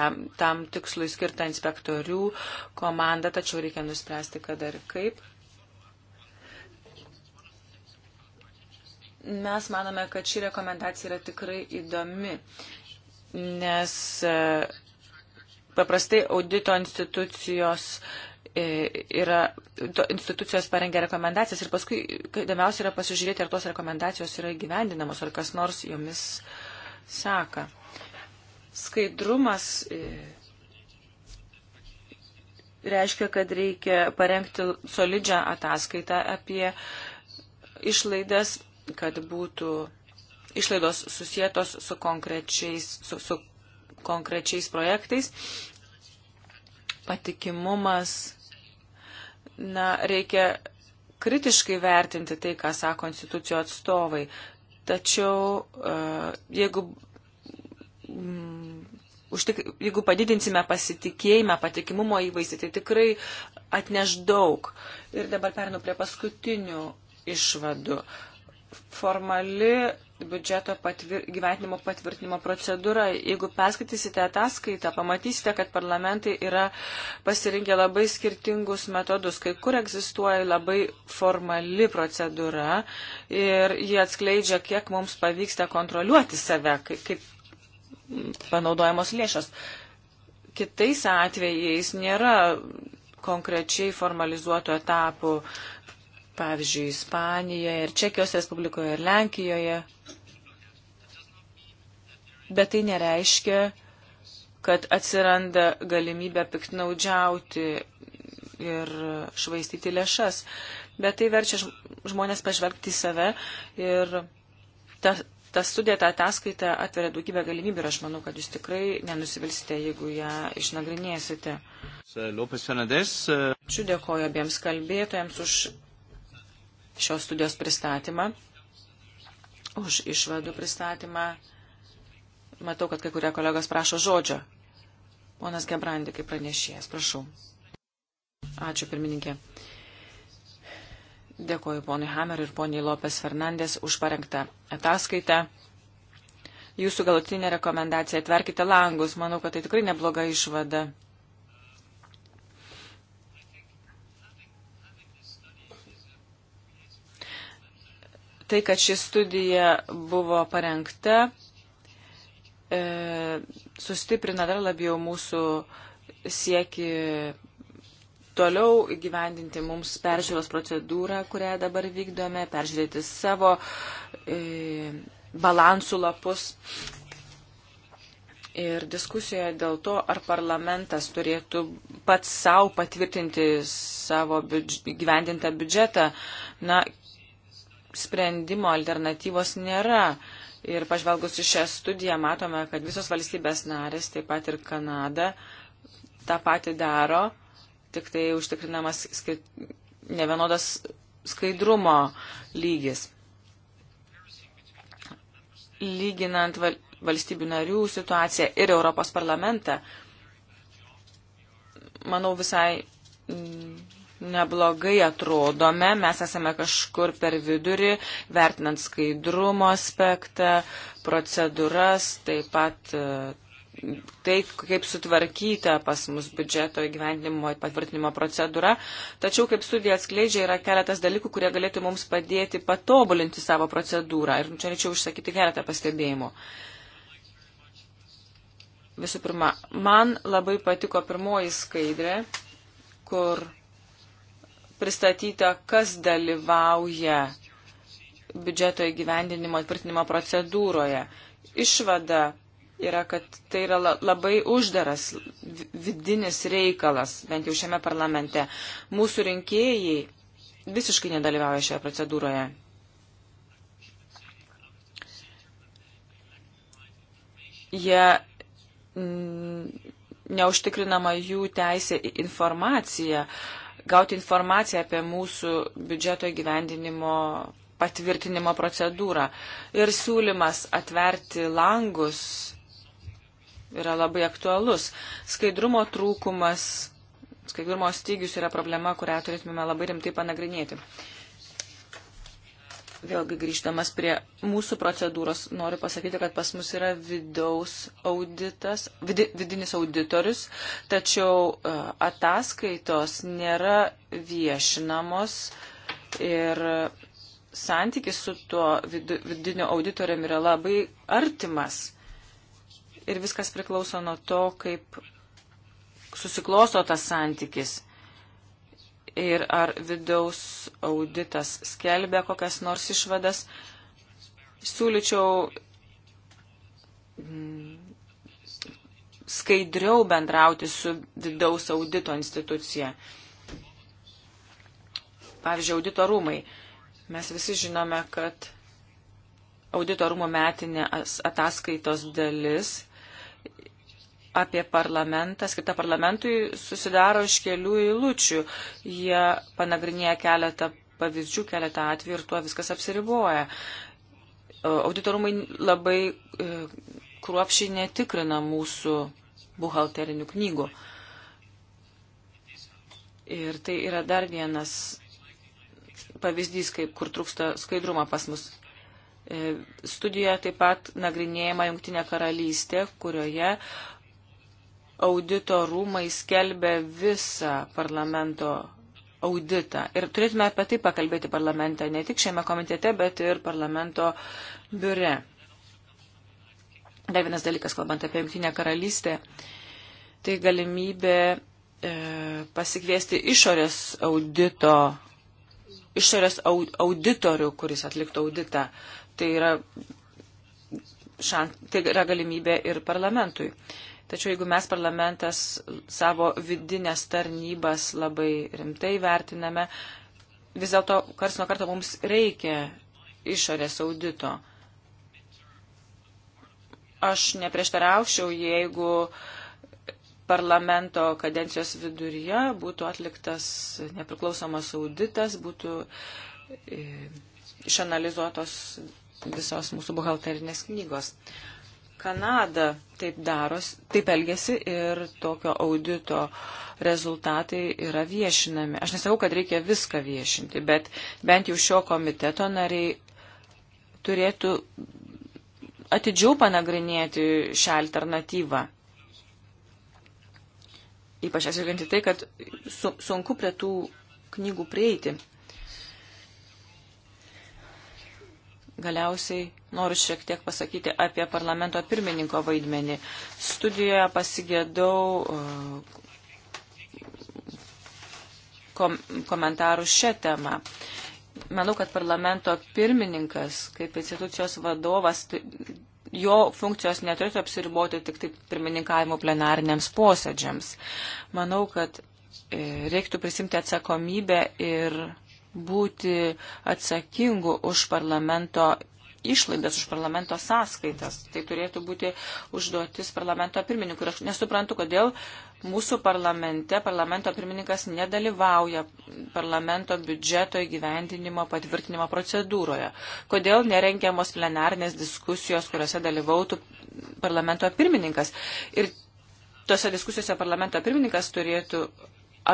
tam, tam tikslui skirtą inspektorių komandą, tačiau reikia nuspręsti, kada ir kaip. Mes manome, kad ši rekomendacija yra tikrai įdomi, nes e, paprastai audito institucijos e, yra, institucijos parengia rekomendacijas ir paskui įdomiausia yra pasižiūrėti, ar tos rekomendacijos yra įgyvendinamos, ar kas nors jomis seka. Skaidrumas e, reiškia, kad reikia parengti solidžią ataskaitą apie išlaidas kad būtų išlaidos susijėtos su konkrečiais, su, su konkrečiais projektais. Patikimumas, na, reikia kritiškai vertinti tai, ką sako institucijų atstovai. Tačiau e, jeigu, mm, užtik, jeigu padidinsime pasitikėjimą, patikimumo įvaizdį, tai tikrai atneš daug. Ir dabar pernu prie paskutinių išvadų. Uh, formali biudžeto patvir, gyvenimo patvirtinimo procedūra. Jeigu perskaitysite ataskaitą, pamatysite, kad parlamentai yra pasirinkę labai skirtingus metodus, kai kur egzistuoja labai formali procedūra ir jie atskleidžia, kiek mums pavyksta kontroliuoti save, kaip, kaip panaudojamos lėšos. Kitais atvejais nėra konkrečiai formalizuotų etapų pavyzdžiui, Ispanijoje ir Čekijos Respublikoje ir Lenkijoje. Bet tai nereiškia, kad atsiranda galimybė piktnaudžiauti ir švaistyti lėšas. Bet tai verčia žmonės pažvelgti į save ir ta, ta studija, ta ataskaita atveria daugybę galimybių ir aš manau, kad jūs tikrai nenusivilsite, jeigu ją išnagrinėsite. Ačiū dėkoju abiems kalbėtojams už šios studijos pristatymą, už išvadų pristatymą. Matau, kad kai kurie kolegos prašo žodžio. Ponas Gebrandi, kaip pranešėjas, prašau. Ačiū, pirmininkė. Dėkoju ponui Hamer ir poniai Lopes Fernandės už parengtą ataskaitą. Jūsų galutinė rekomendacija atverkite langus. Manau, kad tai tikrai nebloga išvada. tai, kad ši studija buvo parengta, e, sustiprina dar labiau mūsų sieki toliau gyvendinti mums peržiūros procedūrą, kurią dabar vykdome, peržiūrėti savo e, balansų lapus. Ir diskusijoje dėl to, ar parlamentas turėtų pats savo patvirtinti savo biudž gyvendintą biudžetą, na, sprendimo alternatyvos nėra. Ir pažvelgus į šią studiją matome, kad visos valstybės narės, taip pat ir Kanada, tą patį daro, tik tai užtikrinamas skait... nevienodas skaidrumo lygis. Lyginant val... valstybių narių situaciją ir Europos parlamentą, manau visai mm, neblogai atrodome, mes esame kažkur per vidurį, vertinant skaidrumo aspektą, procedūras, taip pat e, tai, kaip sutvarkyta pas mus biudžeto įgyvendinimo patvirtinimo procedūra. Tačiau, kaip studija atskleidžia, yra keletas dalykų, kurie galėtų mums padėti patobulinti savo procedūrą. Ir čia norėčiau užsakyti keletą pastebėjimų. Visų pirma, man labai patiko pirmoji skaidrė, kur pristatyta, kas dalyvauja biudžeto įgyvendinimo atvirtinimo procedūroje. Išvada yra, kad tai yra labai uždaras vidinis reikalas, bent jau šiame parlamente. Mūsų rinkėjai visiškai nedalyvauja šioje procedūroje. Jie neužtikrinama jų teisė į informaciją, gauti informaciją apie mūsų biudžeto įgyvendinimo patvirtinimo procedūrą. Ir siūlymas atverti langus yra labai aktualus. Skaidrumo trūkumas, skaidrumo stygius yra problema, kurią turėtume labai rimtai panagrinėti. Uh, Vėlgi grįžtamas prie mūsų procedūros, noriu pasakyti, kad pas mus yra vidaus auditas, vidi, vidinis auditorius, tačiau e, ataskaitos nėra viešinamos ir santykis su tuo vidiniu auditoriumi yra labai artimas. Ir viskas priklauso nuo to, kaip susiklosto tas santykis ir ar vidaus auditas skelbia kokias nors išvadas. Siūlyčiau mm, skaidriau bendrauti su vidaus audito institucija. Pavyzdžiui, audito rūmai. Mes visi žinome, kad audito rūmų metinė ataskaitos dalis apie parlamentą, skirtą parlamentui, susidaro iš kelių eilučių. Jie panagrinėja keletą pavyzdžių, keletą atvejų ir tuo viskas apsiriboja. E, auditorumai labai e, kruopšiai netikrina mūsų buhalterinių knygų. Ir tai yra dar vienas pavyzdys, kaip, kur trūksta skaidrumą pas mus. E, studijoje taip pat nagrinėjama Junktinė karalystė, kurioje audito rūmai skelbia visą parlamento auditą. Ir turėtume apie tai pakalbėti parlamente, ne tik šiame komitete, bet ir parlamento biure. Dar vienas dalykas, kalbant apie Junktinę karalystę, tai galimybė e, pasikviesti išorės audito, išorės au, auditorių, kuris atliktų auditą. Tai yra, šan, tai yra galimybė ir parlamentui. E, Tačiau jeigu mes parlamentas savo vidinės tarnybas labai rimtai vertiname, vis dėlto kars nuo karto mums reikia išorės audito. Aš neprieštaraušiau, jeigu parlamento kadencijos viduryje būtų atliktas nepriklausomas auditas, būtų e, išanalizuotos visos mūsų buhalterinės knygos. Kanada taip daros, taip elgesi ir tokio audito rezultatai yra viešinami. Aš nesakau, kad reikia viską viešinti, bet bent jau šio komiteto nariai turėtų atidžiau panagrinėti šią alternatyvą. Ypač atsižvelgiant į tai, kad su, sunku prie tų knygų prieiti. Galiausiai noriu šiek tiek pasakyti apie parlamento pirmininko vaidmenį. Studijoje pasigėdau uh, kom komentarų šią temą. Manau, kad parlamento pirmininkas kaip institucijos vadovas, jo funkcijos neturėtų apsiriboti tik tai pirmininkavimu plenariniams posėdžiams. Manau, kad e, reiktų prisimti atsakomybę ir būti atsakingu už parlamento išlaidas, už parlamento sąskaitas. Tai turėtų būti užduotis parlamento pirmininkui. Ir aš nesuprantu, kodėl mūsų parlamente parlamento pirmininkas nedalyvauja parlamento biudžeto įgyvendinimo patvirtinimo procedūroje. Kodėl nerengiamos plenarnės diskusijos, kuriuose dalyvautų parlamento pirmininkas. Ir tose diskusijose parlamento pirmininkas turėtų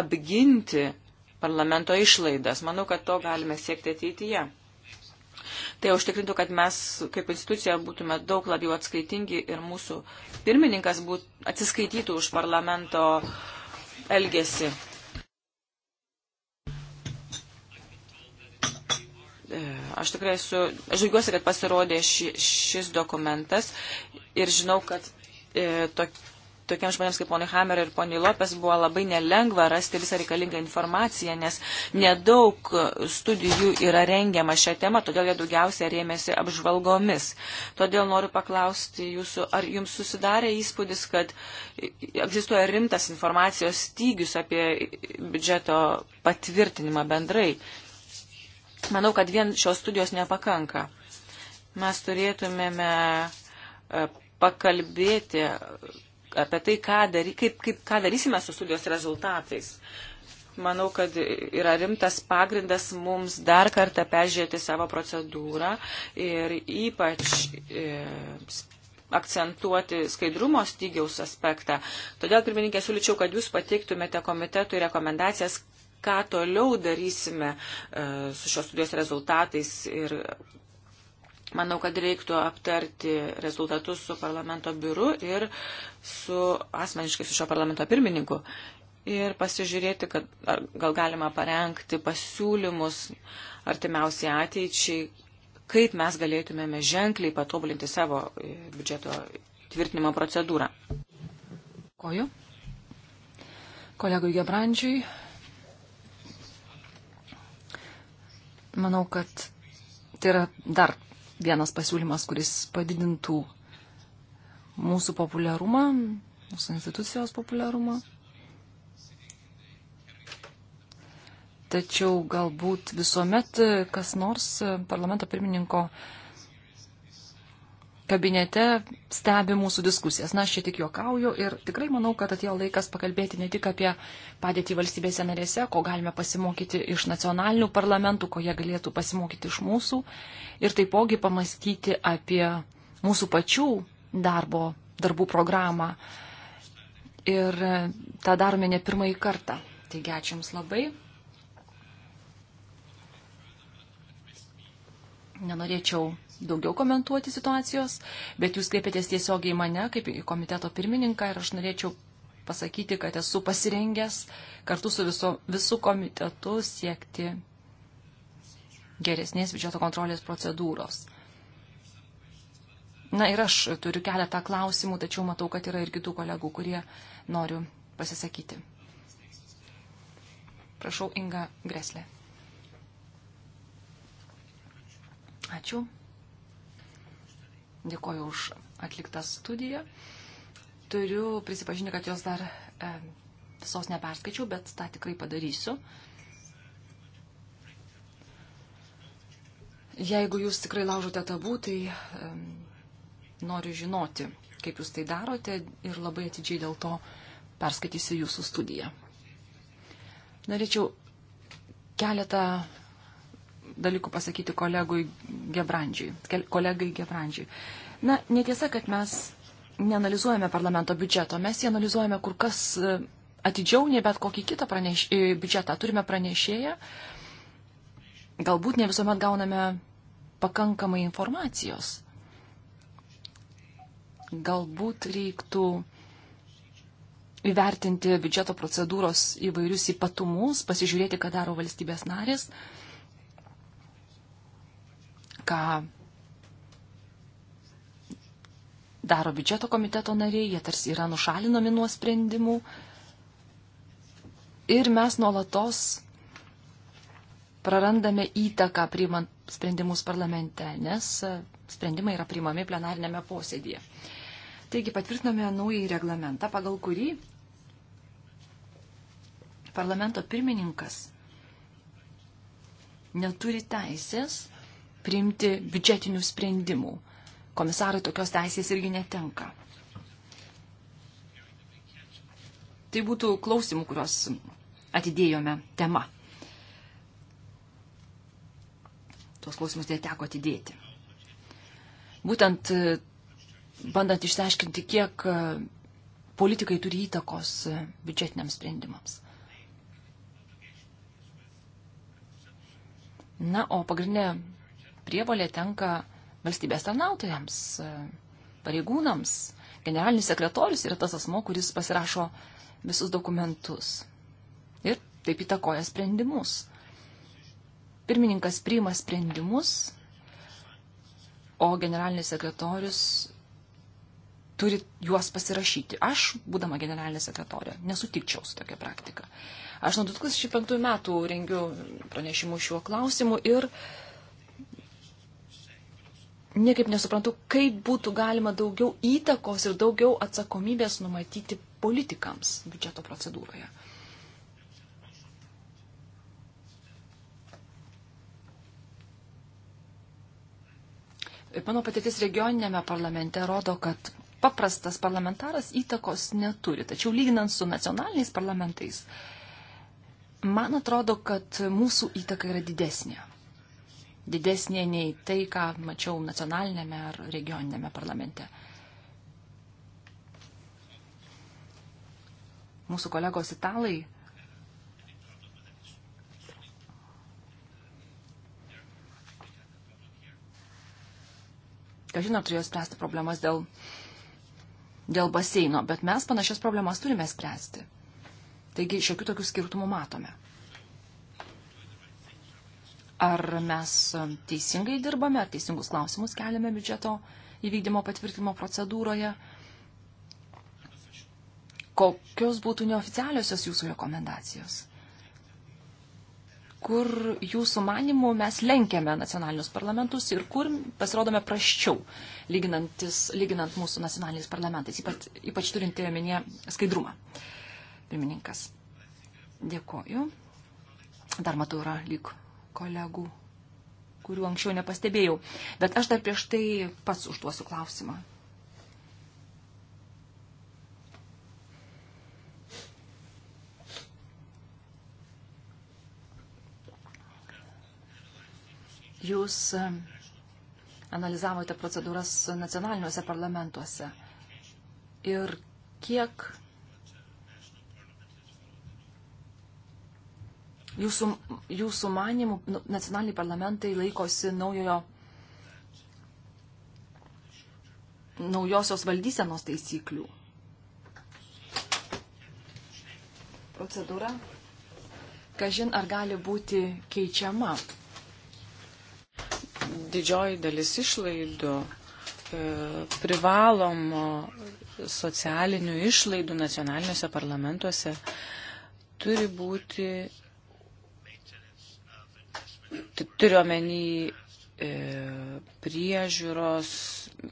apginti parlamento išlaidas. Manau, kad to galime siekti ateityje. Tai užtikrintų, kad mes kaip institucija būtume daug labiau atskaitingi ir mūsų pirmininkas būt, atsiskaitytų už parlamento elgesį. E, aš tikrai esu, aš džiaugiuosi, kad pasirodė ši, šis dokumentas ir žinau, kad e, tokia tokiems žmonėms kaip poniai Hamer ir poniai Lopes buvo labai nelengva rasti visą reikalingą informaciją, nes nedaug studijų yra rengiama šią temą, todėl jie daugiausia rėmėsi apžvalgomis. Todėl noriu paklausti jūsų, ar jums susidarė įspūdis, kad egzistuoja rimtas informacijos stygius apie biudžeto patvirtinimą bendrai. Manau, kad vien šios studijos nepakanka. Mes turėtumėme e, pakalbėti apie tai, ką, dary, kaip, kaip, ką darysime su studijos rezultatais. Manau, kad yra rimtas pagrindas mums dar kartą peržiūrėti savo procedūrą ir ypač e, akcentuoti skaidrumo stygiaus aspektą. Todėl, pirmininkė, siūlyčiau, kad jūs pateiktumėte komitetui rekomendacijas, ką toliau darysime e, su šios studijos rezultatais ir Manau, kad reiktų aptarti rezultatus su parlamento biuru ir su asmeniškai su šio parlamento pirmininku. Ir pasižiūrėti, kad ar, gal galima parengti pasiūlymus artimiausiai ateičiai, kaip mes galėtumėme ženkliai patobulinti savo e, biudžeto tvirtinimo procedūrą. Koju. Kolegui Gebrandžiui. Manau, kad tai yra dar vienas pasiūlymas, kuris padidintų mūsų populiarumą, mūsų institucijos populiarumą. Tačiau galbūt visuomet kas nors parlamento pirmininko uh, kabinete stebi mūsų diskusijas. Na, aš čia tik juokauju ir tikrai manau, kad atėjo laikas pakalbėti ne tik apie padėtį valstybėse narėse, ko galime pasimokyti iš nacionalinių parlamentų, ko jie galėtų pasimokyti iš mūsų ir taipogi pamastyti apie mūsų pačių darbo, darbų programą. Ir tą darome ne pirmąjį kartą. Taigi ačiū Jums labai. Nenorėčiau daugiau komentuoti situacijos, bet jūs kreipėtės tiesiogiai į mane kaip į komiteto pirmininką ir aš norėčiau pasakyti, kad esu pasirengęs kartu su viso, visų komitetu siekti geresnės biudžeto kontrolės procedūros. Na ir aš turiu keletą klausimų, tačiau matau, kad yra ir kitų kolegų, kurie noriu pasisakyti. Prašau, Inga Greslė. Ačiū. Dėkoju už atliktą studiją. Turiu prisipažinti, kad jos dar e, visos neperskaičiau, bet tą tikrai padarysiu. Jeigu jūs tikrai laužote tabų, tai e, noriu žinoti, kaip jūs tai darote ir labai atidžiai dėl to perskaitysiu jūsų studiją. Norėčiau keletą dalykų pasakyti kolegui Gebrandžiui, kolegai Gebrandžiui. Na, netiesa, kad mes neanalizuojame parlamento biudžeto, mes jį analizuojame kur kas e, atidžiau nei bet kokį kitą praneš, e, biudžetą. Turime pranešėją, galbūt ne visuomet gauname pakankamai informacijos. Galbūt reiktų įvertinti biudžeto procedūros įvairius ypatumus, pasižiūrėti, ką daro valstybės narės. Uh, ką daro biudžeto komiteto nariai, jie tarsi yra nušalinami nuo sprendimų. Ir mes nuolatos prarandame įtaką priimant sprendimus parlamente, nes sprendimai yra priimami plenarinėme posėdėje. Taigi patvirtiname naują reglamentą, pagal kurį parlamento pirmininkas neturi teisės priimti biudžetinių sprendimų. Komisarai tokios teisės irgi netenka. Tai būtų klausimų, kuriuos atidėjome tema. Tuos klausimus tai teko atidėti. Būtent e, bandant išsiaiškinti, kiek e, politikai turi įtakos e, biudžetiniams sprendimams. Na, o pagrindinė prievalė tenka valstybės tarnautojams, pareigūnams. Generalinis sekretorius yra tas asmo, kuris pasirašo visus dokumentus ir taip įtakoja sprendimus. Pirmininkas priima sprendimus, o generalinis sekretorius turi juos pasirašyti. Aš, būdama generalinė sekretorė, nesutikčiau su tokia praktika. Aš nuo 2005 metų rengiu pranešimų šiuo klausimu ir uh, niekaip nesuprantu, kaip būtų galima daugiau įtakos ir daugiau atsakomybės numatyti politikams biudžeto procedūroje. Mano patirtis regioninėme parlamente rodo, kad paprastas parlamentaras įtakos neturi. Tačiau lyginant su nacionaliniais parlamentais, man atrodo, kad mūsų įtaka yra didesnė didesnė nei tai, ką mačiau nacionalinėme ar regioninėme parlamente. Mūsų kolegos italai kažin ar turėjo spręsti problemas dėl, dėl baseino, bet mes panašias problemas turime spręsti. Taigi šiokių tokių skirtumų matome ar mes teisingai dirbame, ar teisingus klausimus keliame biudžeto įvykdymo patvirtinimo procedūroje. Kokios būtų neoficialiosios jūsų rekomendacijos? Kur jūsų manimų mes lenkiame nacionalinius parlamentus ir kur pasirodome praščiau, lyginant mūsų nacionaliniais parlamentais, ypač, ypač turinti omenyje skaidrumą. Pirmininkas, dėkoju. Dar matau, yra lyg kolegų, kurių anksčiau nepastebėjau. Bet aš dar prieš tai pats užduosiu klausimą. Jūs um, analizavote procedūras nacionaliniuose parlamentuose. Ir kiek Jūsų, jūsų manimų nu, nacionaliniai parlamentai laikosi naujojo, naujosios valdysenos taisyklių. Procedūra, kažin ar gali būti keičiama. Didžioji dalis išlaidų e, privalomo socialinių išlaidų nacionaliniuose parlamentuose turi būti turiuomenį e, priežiūros,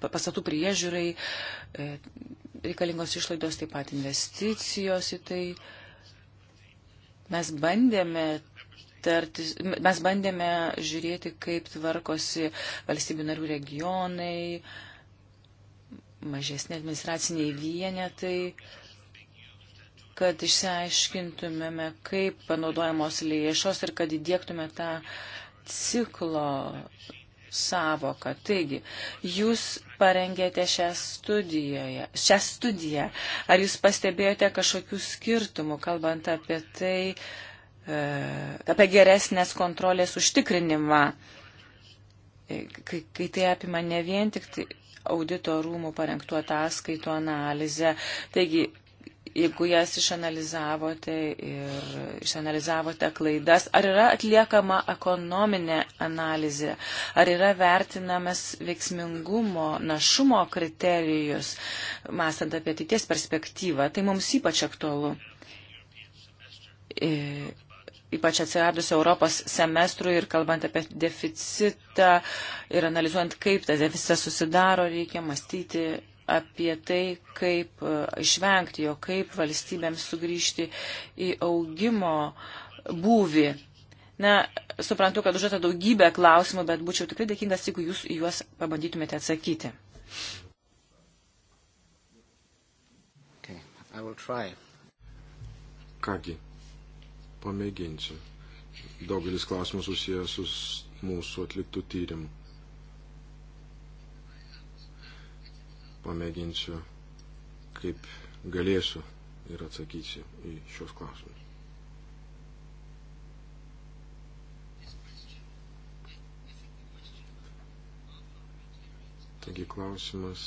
pastatų priežiūrai, e, reikalingos išlaidos, taip pat investicijos į tai. Mes bandėme tartis, mes bandėme žiūrėti, kaip tvarkosi valstybių narių regionai, mažesni administraciniai vienetai. E, kad išsiaiškintumėme, kaip panaudojamos lėšos ir kad įdėktume tą ciklo savoką. Taigi, jūs parengėte šią, studijoje, šią studiją. Ar jūs pastebėjote kažkokių skirtumų, kalbant apie tai, e, apie geresnės kontrolės užtikrinimą, e, kai, kai tai apima ne vien tik tai audito rūmų parengtų ataskaitų analizę. Taigi, jeigu jas išanalizavote ir išanalizavote klaidas, ar yra atliekama ekonominė analizė, ar yra vertinamas veiksmingumo, našumo kriterijus, mąstant apie ateities perspektyvą, tai mums ypač aktualu. Ir e, ypač atsiradus Europos semestrui ir kalbant apie deficitą ir analizuojant, kaip tas deficitas susidaro, reikia mąstyti apie tai, kaip e, išvengti jo, kaip valstybėms sugrįžti į augimo būvį. Na, suprantu, kad užduota daugybė klausimų, bet būčiau tikrai dėkingas, jeigu jūs juos pabandytumėte atsakyti. Okay, Kągi, pamėginsiu. Daugelis klausimų susijęs su mūsų atliktų tyrimų. pamėginsiu, kaip galėsiu ir atsakysiu į šios klausimus. Taigi klausimas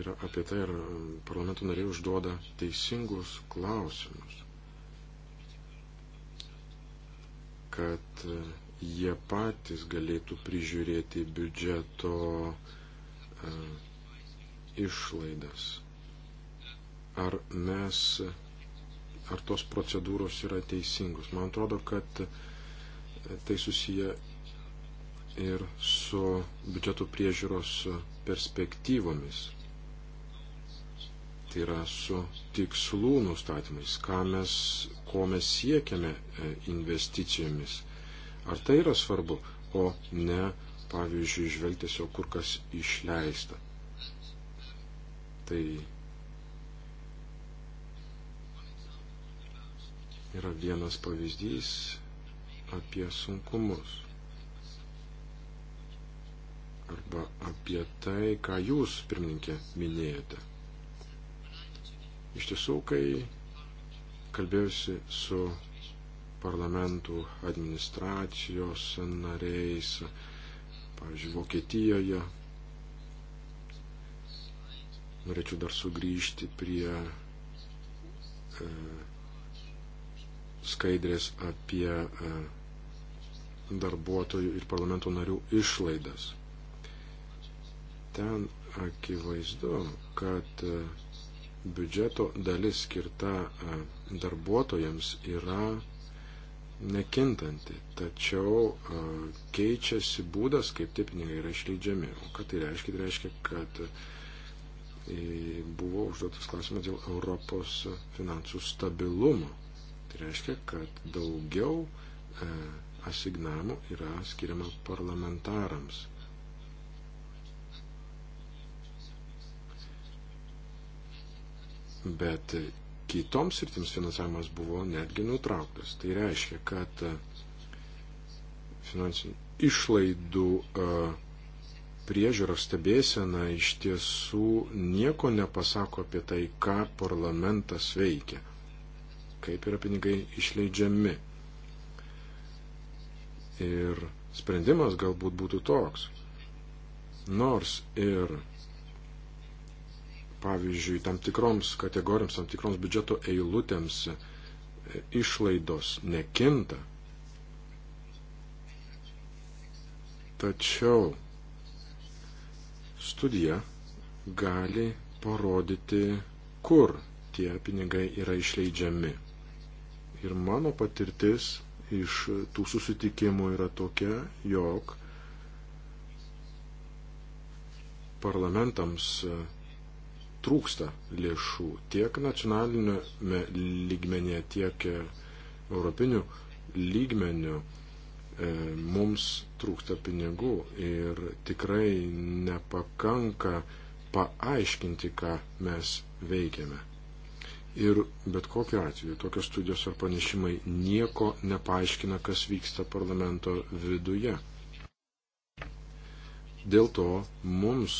yra apie tai, ar parlamento nariai užduoda teisingus klausimus, kad jie patys galėtų prižiūrėti biudžeto uh, E, išlaidas. Ar mes, ar tos procedūros yra teisingos. Man atrodo, kad tai susiję ir su biudžeto priežiūros perspektyvomis. Tai yra su tikslų nustatymais, ką mes, ko mes siekiame e, investicijomis. Ar tai yra svarbu, o ne pavyzdžiui, žvelgtiesio kur kas išleista. Tai yra vienas pavyzdys apie sunkumus arba apie tai, ką jūs, pirmininkė, minėjote. Iš tiesų, kai kalbėjusi su parlamentų administracijos nariais, pavyzdžiui, Vokietijoje. Norėčiau dar sugrįžti prie e, skaidrės apie e, darbuotojų ir parlamento narių išlaidas. Ten akivaizdu, kad e, biudžeto dalis skirta e, darbuotojams yra nekintanti, tačiau keičiasi būdas, kaip tie pinigai yra išleidžiami. O ką tai reiškia? Tai reiškia, kad buvo užduotas klausimas dėl Europos finansų stabilumo. Tai reiškia, kad daugiau asignamų yra skiriama parlamentarams. Bet kitoms sritims finansavimas buvo netgi nutrauktas. Tai reiškia, kad e, finansinių išlaidų e, priežiūros stebėsena iš tiesų nieko nepasako apie tai, ką parlamentas veikia, kaip yra pinigai išleidžiami. Ir sprendimas galbūt būtų toks. Nors ir pavyzdžiui, tam tikroms kategorijoms, tam tikroms biudžeto eilutėms e, išlaidos nekinta. Tačiau studija gali parodyti, kur tie pinigai yra išleidžiami. Ir mano patirtis iš tų susitikimų yra tokia, jog parlamentams e, trūksta lėšų tiek nacionalinėme lygmenėje, tiek europinių lygmenių. E, mums trūksta pinigų ir tikrai nepakanka paaiškinti, ką mes veikiame. Ir bet kokiu atveju tokios studijos ar panešimai nieko nepaaiškina, kas vyksta parlamento viduje. Dėl to mums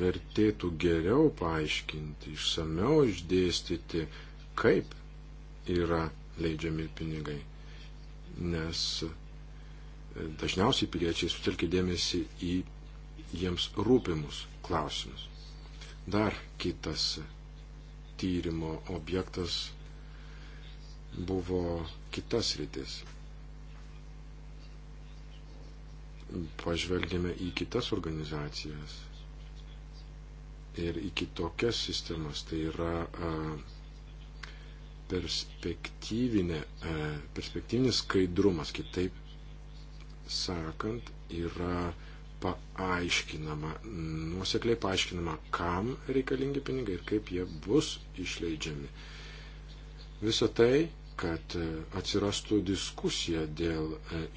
vertėtų geriau paaiškinti, išsameu išdėstyti, kaip yra leidžiami pinigai. Nes e, dažniausiai piliečiai sutelkia dėmesį į jiems rūpimus klausimus. Dar kitas tyrimo objektas buvo kitas rytis pažvelgėme į kitas organizacijas ir į kitokias sistemas, tai yra perspektyvinis skaidrumas, kitaip sakant, yra paaiškinama, nuosekliai paaiškinama, kam reikalingi pinigai ir kaip jie bus išleidžiami. Visą tai, kad atsirastų diskusija dėl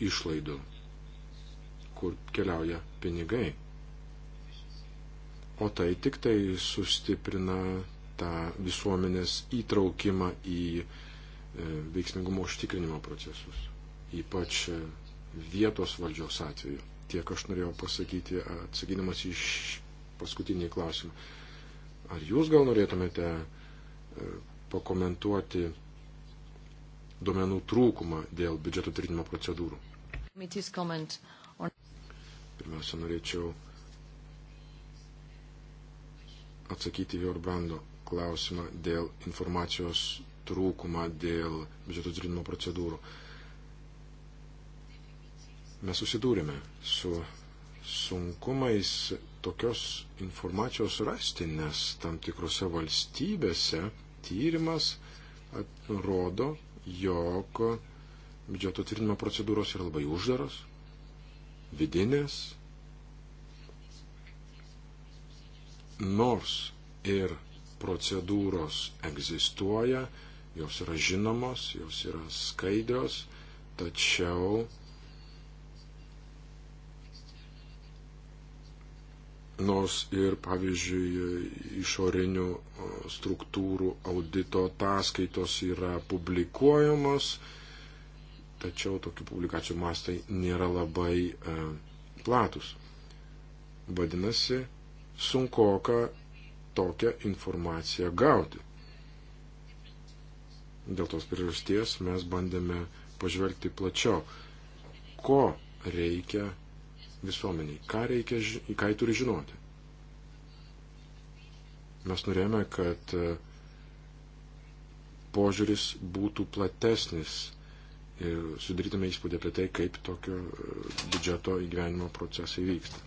išlaidų kur keliauja pinigai. O tai tik tai sustiprina tą visuomenės įtraukimą į e, veiksmingumo užtikrinimo procesus, ypač e, vietos valdžios atveju. Tiek aš norėjau pasakyti, atsakydamas iš paskutinį klausimą. Ar jūs gal norėtumėte e, pakomentuoti duomenų trūkumą dėl biudžeto tvirtinimo procedūrų? Mitis comment. Uh, Pirmiausia, norėčiau atsakyti Jorbrando klausimą dėl informacijos trūkumą, dėl biudžeto didinimo procedūrų. Mes susidūrėme su sunkumais tokios informacijos rasti, nes tam tikrose valstybėse tyrimas rodo, jog biudžeto tvirtinimo procedūros yra labai uždaros, vidinės, nors ir procedūros egzistuoja, jos yra žinomos, jos yra skaidrios, tačiau nors ir, pavyzdžiui, išorinių struktūrų audito ataskaitos yra publikuojamos, tačiau tokių publikacijų mastai nėra labai e, platus. Vadinasi, sunkuoka tokią informaciją gauti. Dėl tos priežasties mes bandėme pažvelgti plačiau, ko reikia visuomeniai, ką, reikia, ką jį turi žinoti. Mes norėjome, kad e, požiūris būtų platesnis ir sudarytume įspūdį apie tai, kaip tokio e, biudžeto įgyvenimo procesai vyksta.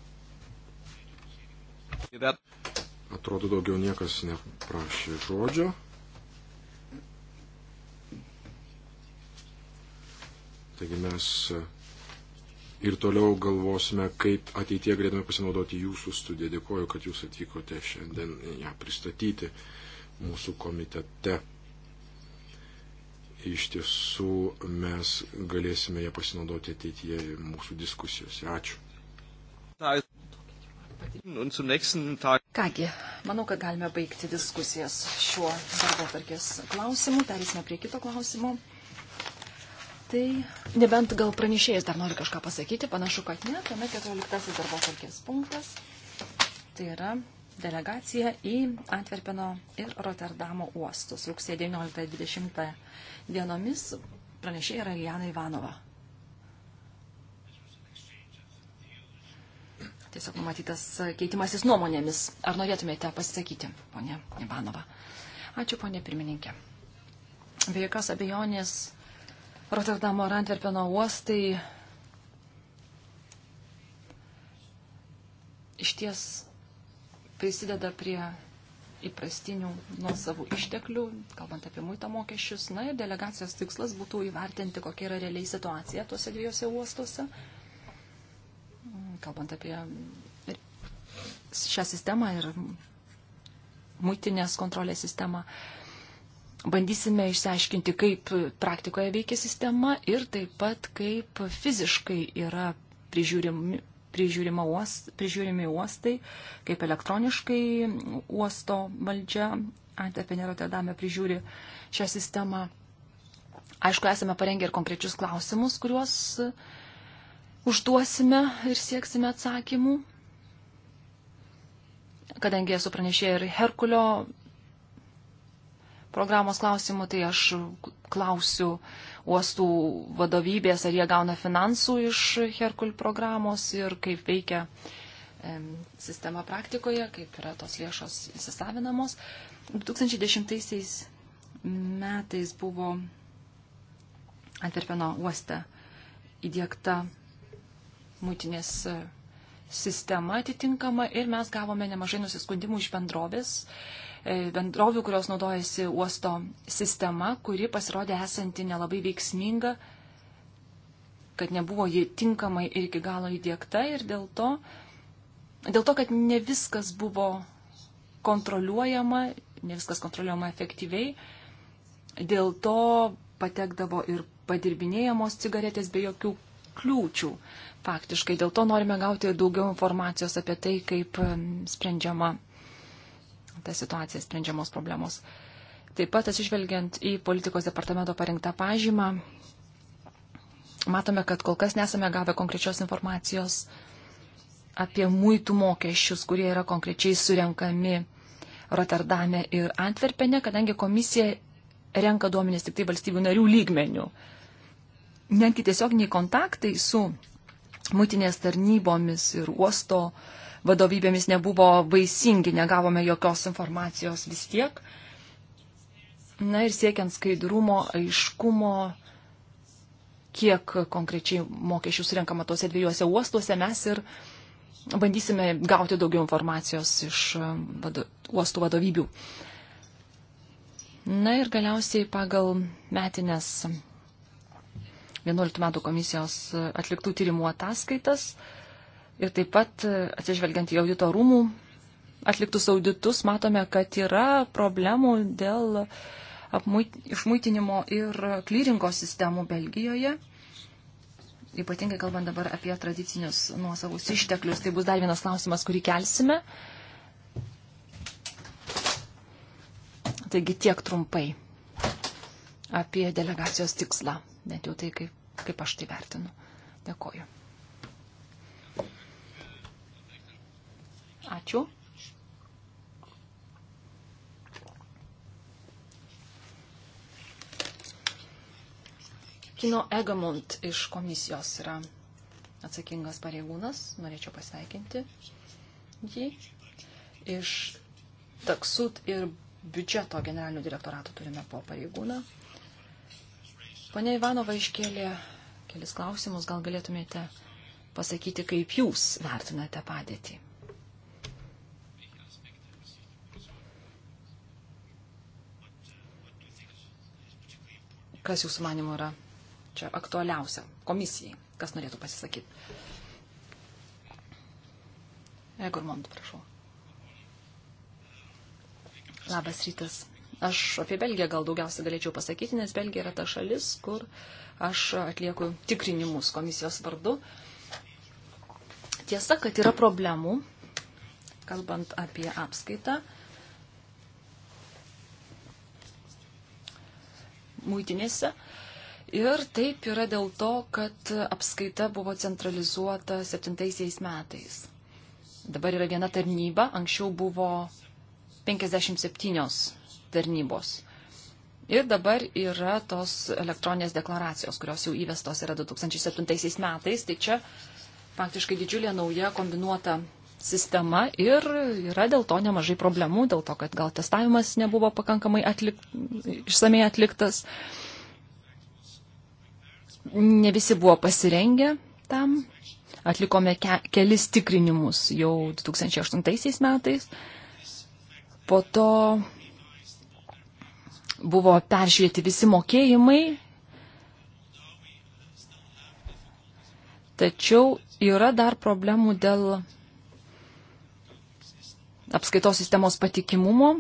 Atrodo, daugiau niekas neprašė žodžio. Taigi mes e, ir toliau galvosime, kaip ateitie galėtume pasinaudoti jūsų studiją. Dėkuoju, kad jūs atvykote šiandien ją pristatyti mūsų komitete iš tiesų mes galėsime ją pasinaudoti ateityje mūsų diskusijose. Ačiū. Kągi, manau, kad galime baigti diskusijas šiuo darbo tarkės klausimu. Perėsime prie kito klausimo. Tai nebent gal pranešėjas dar nori kažką pasakyti, panašu, kad ne. Tuomet 14 darbo tarkės punktas. Tai yra delegaciją į Antverpeno ir Rotterdamo uostus rugsėjo 19-20 dienomis pranešė yra Iljana Ivanova. Tiesiog matytas keitimasis nuomonėmis. Ar norėtumėte pasisakyti, ponė Ivanova? Ačiū, ponė pirmininkė. Be jokios abejonės, Rotterdamo ir Antverpeno uostai iš ties prisideda prie įprastinių nuosavų išteklių, kalbant apie muito mokesčius. Na ir delegacijos tikslas būtų įvertinti, kokia yra realiai situacija tuose dviejose uostuose. Kalbant apie šią sistemą ir muitinės kontrolės sistemą, bandysime išsiaiškinti, kaip praktikoje veikia sistema ir taip pat kaip fiziškai yra prižiūrimi uost, prižiūrimi uostai, kaip elektroniškai uosto valdžia Antepinė Roterdame prižiūri šią sistemą. Aišku, esame parengę ir konkrečius klausimus, kuriuos užduosime ir sieksime atsakymų. Kadangi esu pranešėję ir Herkulio programos klausimų, tai aš klausiu uostų vadovybės, ar jie gauna finansų iš Herkul programos ir kaip veikia sistema praktikoje, kaip yra tos lėšos įsisavinamos. 2010 metais buvo Antverpeno uoste įdėkta muitinės e, sistema atitinkama ir mes gavome nemažai nusiskundimų iš bendrovės E, bendrovių, kurios naudojasi uosto sistema, kuri pasirodė esanti nelabai veiksminga, kad nebuvo ji tinkamai ir iki galo įdėkta ir dėl to, dėl to kad ne viskas buvo kontroliuojama, ne viskas kontroliuojama efektyviai, dėl to patekdavo ir padirbinėjamos cigaretės be jokių kliūčių. Faktiškai dėl to norime gauti daugiau informacijos apie tai, kaip sprendžiama ta situacija sprendžiamos problemos. Taip pat atsižvelgiant į politikos departamento parengtą pažymą, matome, kad kol kas nesame gavę konkrečios informacijos apie muitų mokesčius, kurie yra konkrečiai surenkami Rotterdame ir Antverpene, kadangi komisija renka duomenys tik tai valstybių narių lygmenių. Netgi tiesioginiai kontaktai su muitinės tarnybomis ir uosto vadovybėmis nebuvo vaisingi, negavome jokios informacijos vis tiek. Na ir siekiant skaidrumo, aiškumo, kiek konkrečiai mokesčių surinkama tuose dviejose uostuose, mes ir bandysime gauti daugiau informacijos iš e, vado, uostų vadovybių. Na ir galiausiai pagal metinės 11 metų komisijos atliktų tyrimų ataskaitas Ir taip pat, e, atsižvelgiant į audito rūmų atliktus auditus, matome, kad yra problemų dėl apmuit, išmūtinimo ir klyringo sistemų Belgijoje. Ypatingai kalbant dabar apie tradicinius nuosavus išteklius, tai bus dar vienas klausimas, kurį kelsime. Taigi tiek trumpai apie delegacijos tikslą, bent jau tai, kaip, kaip aš tai vertinu. Dėkoju. Ačiū. Kino Egamont iš komisijos yra atsakingas pareigūnas, norėčiau pasveikinti jį. Iš taksut ir biudžeto generalinio direktorato turime po pareigūną. Pane Ivanova iškėlė kelis klausimus, gal galėtumėte pasakyti, kaip jūs vertinate padėtį. Kas jūsų manimo yra čia aktualiausia komisijai? Kas norėtų pasisakyti? Egormont, prašau. Labas rytas. Aš apie Belgiją gal daugiausia galėčiau pasakyti, nes Belgija yra ta šalis, kur aš atlieku tikrinimus komisijos vardu. Tiesa, kad yra problemų, kalbant apie apskaitą muitinėse. Ir taip yra dėl to, kad apskaita buvo centralizuota 7 metais. Dabar yra viena tarnyba, anksčiau buvo 57 tarnybos. Ir dabar yra tos elektroninės deklaracijos, kurios jau įvestos yra 2007 metais. Tai čia faktiškai didžiulė nauja kombinuota sistema ir yra dėl to nemažai problemų, dėl to, kad gal testavimas nebuvo pakankamai atlik, išsamei atliktas. Ne visi buvo pasirengę tam. Atlikome ke kelis tikrinimus jau 2008 metais. Po to buvo peržiūrėti visi mokėjimai. Tačiau yra dar problemų dėl apskaitos sistemos patikimumo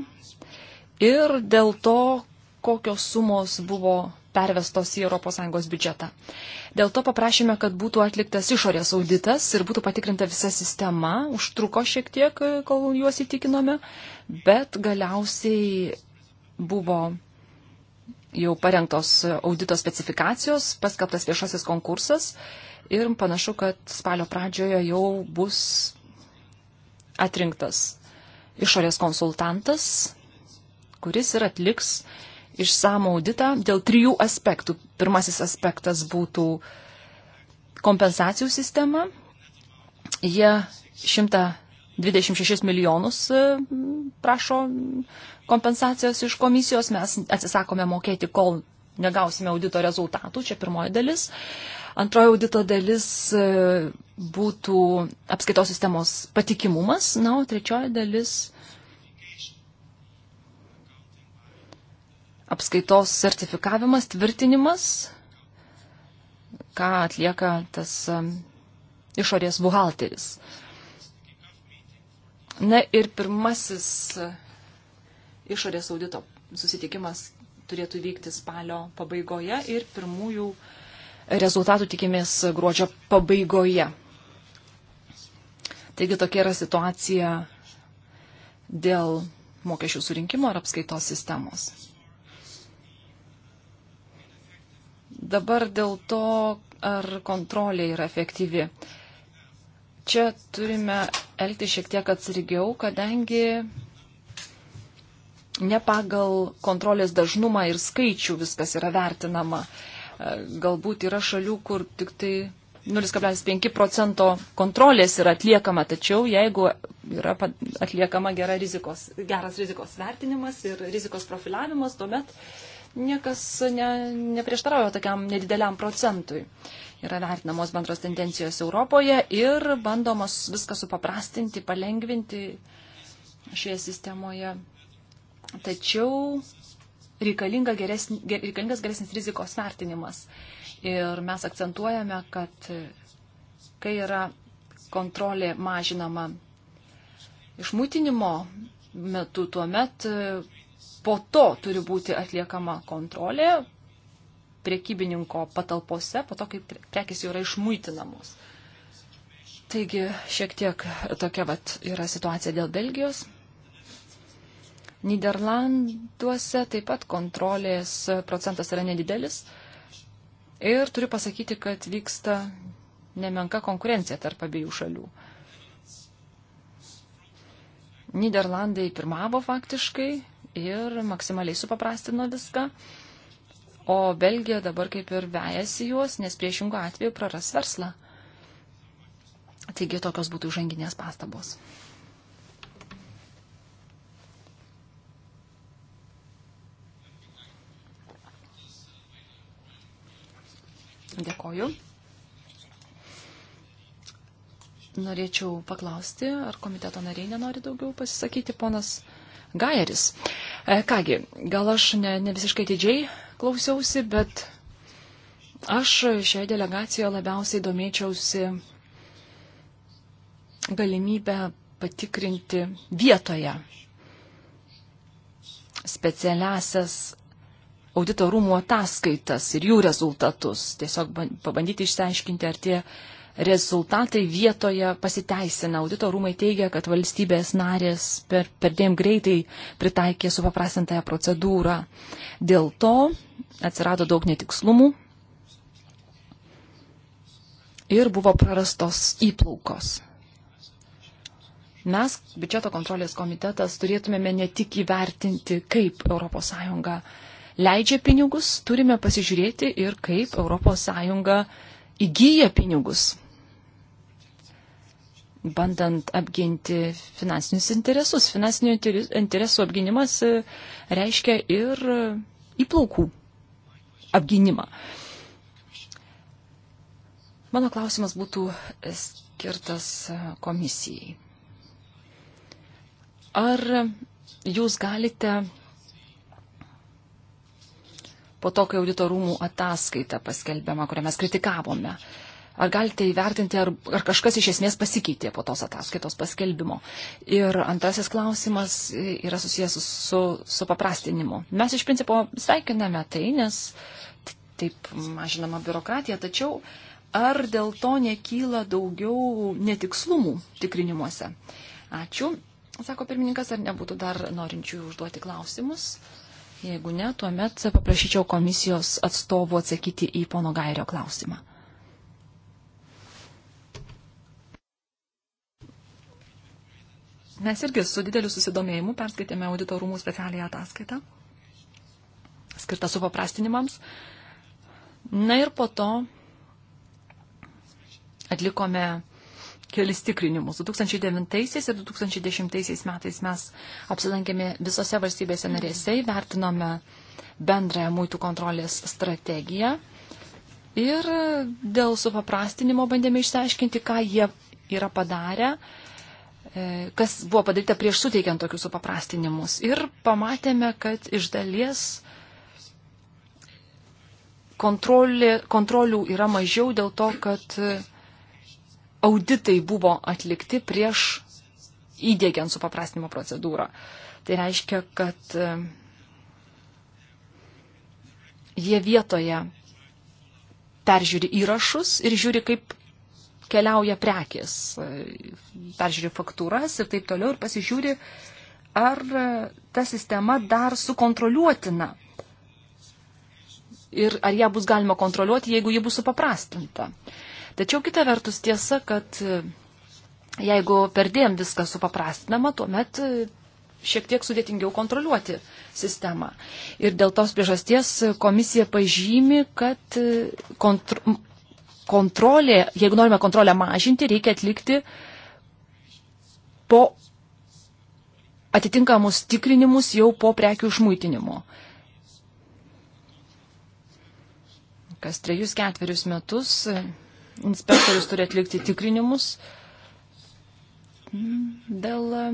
ir dėl to, kokios sumos buvo pervestos į ES biudžetą. Dėl to paprašėme, kad būtų atliktas išorės auditas ir būtų patikrinta visa sistema. Užtruko šiek tiek, kol juos įtikinome, bet galiausiai buvo jau parengtos audito specifikacijos, paskaptas viešasis konkursas ir panašu, kad spalio pradžioje jau bus atrinktas išorės konsultantas, kuris ir atliks išsamų auditą dėl trijų aspektų. Pirmasis aspektas būtų kompensacijų sistema. Jie 126 milijonus e, prašo kompensacijos iš komisijos. Mes atsisakome mokėti, kol negausime audito rezultatų. Čia pirmoji dalis. Antroji audito dalis e, būtų apskaitos sistemos patikimumas, na, o trečioji dalis apskaitos sertifikavimas, tvirtinimas, ką atlieka tas e, išorės buhalteris. Na ir pirmasis e, išorės audito susitikimas turėtų vykti spalio pabaigoje ir pirmųjų Rezultatų tikimės gruodžio pabaigoje. Taigi tokia yra situacija dėl mokesčių surinkimo ir apskaitos sistemos. Dabar dėl to, ar kontrolė yra efektyvi. Čia turime elgti šiek tiek atsargiau, kadangi ne pagal kontrolės dažnumą ir skaičių viskas yra vertinama. E, galbūt yra šalių, kur tik tai 0,5 procento kontrolės yra atliekama, tačiau jeigu yra atliekama gera rizikos, geras rizikos vertinimas ir rizikos profiliavimas, tuomet niekas ne, neprieštarauja tokiam nedideliam procentui. Yra vertinamos bendros tendencijos Europoje ir bandomos viską supaprastinti, palengvinti šioje sistemoje. Tačiau reikalinga geresn, reikalingas geresnis rizikos vertinimas. Ir mes akcentuojame, kad kai yra kontrolė mažinama išmūtinimo metu, tuomet po to turi būti atliekama kontrolė priekybininko patalpose, po to, kai prekis jau yra išmūtinamos. Taigi šiek tiek tokia vat yra situacija dėl Belgijos. Niderlanduose taip pat kontrolės procentas yra nedidelis. Ir turiu pasakyti, kad vyksta nemenka konkurencija tarp abiejų šalių. Niderlandai pirmavo faktiškai ir maksimaliai supaprastino viską, o Belgija dabar kaip ir vejasi juos, nes priešingų atveju praras verslą. Taigi tokios būtų žanginės pastabos. Dėkoju. Norėčiau paklausti, ar komiteto nariai nenori daugiau pasisakyti, ponas Gajeris. E, kągi, gal aš ne, ne visiškai didžiai klausiausi, bet aš šioje delegacijoje labiausiai domėčiausi galimybę patikrinti vietoje specialiasias audito rūmų ataskaitas ir jų rezultatus. Tiesiog pabandyti išsiaiškinti, ar tie rezultatai vietoje pasiteisina. Audito rūmai teigia, kad valstybės narės per, per dėm greitai pritaikė supaprastintąją procedūrą. Dėl to atsirado daug netikslumų ir buvo prarastos įplaukos. Mes, biudžeto kontrolės komitetas, turėtumėme ne tik įvertinti, kaip ES leidžia pinigus, turime pasižiūrėti ir kaip ES įgyja pinigus, bandant apginti finansinius interesus. Finansinių interesų apginimas e, reiškia ir įplaukų apginimą. Mano klausimas būtų skirtas e, komisijai. Ar jūs galite po to, kai auditorumų ataskaita paskelbiama, kurią mes kritikavome. Ar galite įvertinti, ar, ar kažkas iš esmės pasikeitė po tos ataskaitos paskelbimo? Ir antrasis klausimas yra susijęs su, su paprastinimu. Mes iš principo sveikiname tai, nes taip mažinama biurokratija, tačiau ar dėl to nekyla daugiau netikslumų tikrinimuose? Ačiū, sako pirmininkas, ar nebūtų dar norinčių užduoti klausimus? Jeigu ne, tuomet paprašyčiau komisijos atstovų atsakyti į pono Gairio klausimą. Mes irgi su dideliu susidomėjimu perskaitėme audito rūmų specialiją ataskaitą, skirtą supaprastinimams. Na ir po to atlikome kelis tikrinimus. 2009 ir 2010 metais mes apsilankėme visose valstybėse narėse, vertinome bendrąją muitų kontrolės strategiją ir dėl supaprastinimo bandėme išsiaiškinti, ką jie yra padarę, e, kas buvo padaryta prieš suteikiant tokius supaprastinimus. Ir pamatėme, kad iš dalies kontrolė, kontrolių yra mažiau dėl to, kad auditai buvo atlikti prieš įdėgiant supaprastinimo procedūrą. Tai reiškia, kad e, jie vietoje peržiūri įrašus ir žiūri, kaip keliauja prekės, e, peržiūri faktūras ir taip toliau ir pasižiūri, ar e, ta sistema dar sukontroliuotina. Ir ar ją bus galima kontroliuoti, jeigu ji bus supaprastinta. Tačiau kita vertus tiesa, kad e, jeigu perdėm viską supaprastinama, tuomet e, šiek tiek sudėtingiau kontroliuoti sistemą. Ir dėl tos priežasties komisija pažymi, kad e, kontro, kontrolė, jeigu norime kontrolę mažinti, reikia atlikti po atitinkamus tikrinimus jau po prekių išmūtinimo. Kas trejus ketverius metus inspektorius turi atlikti tikrinimus dėl e,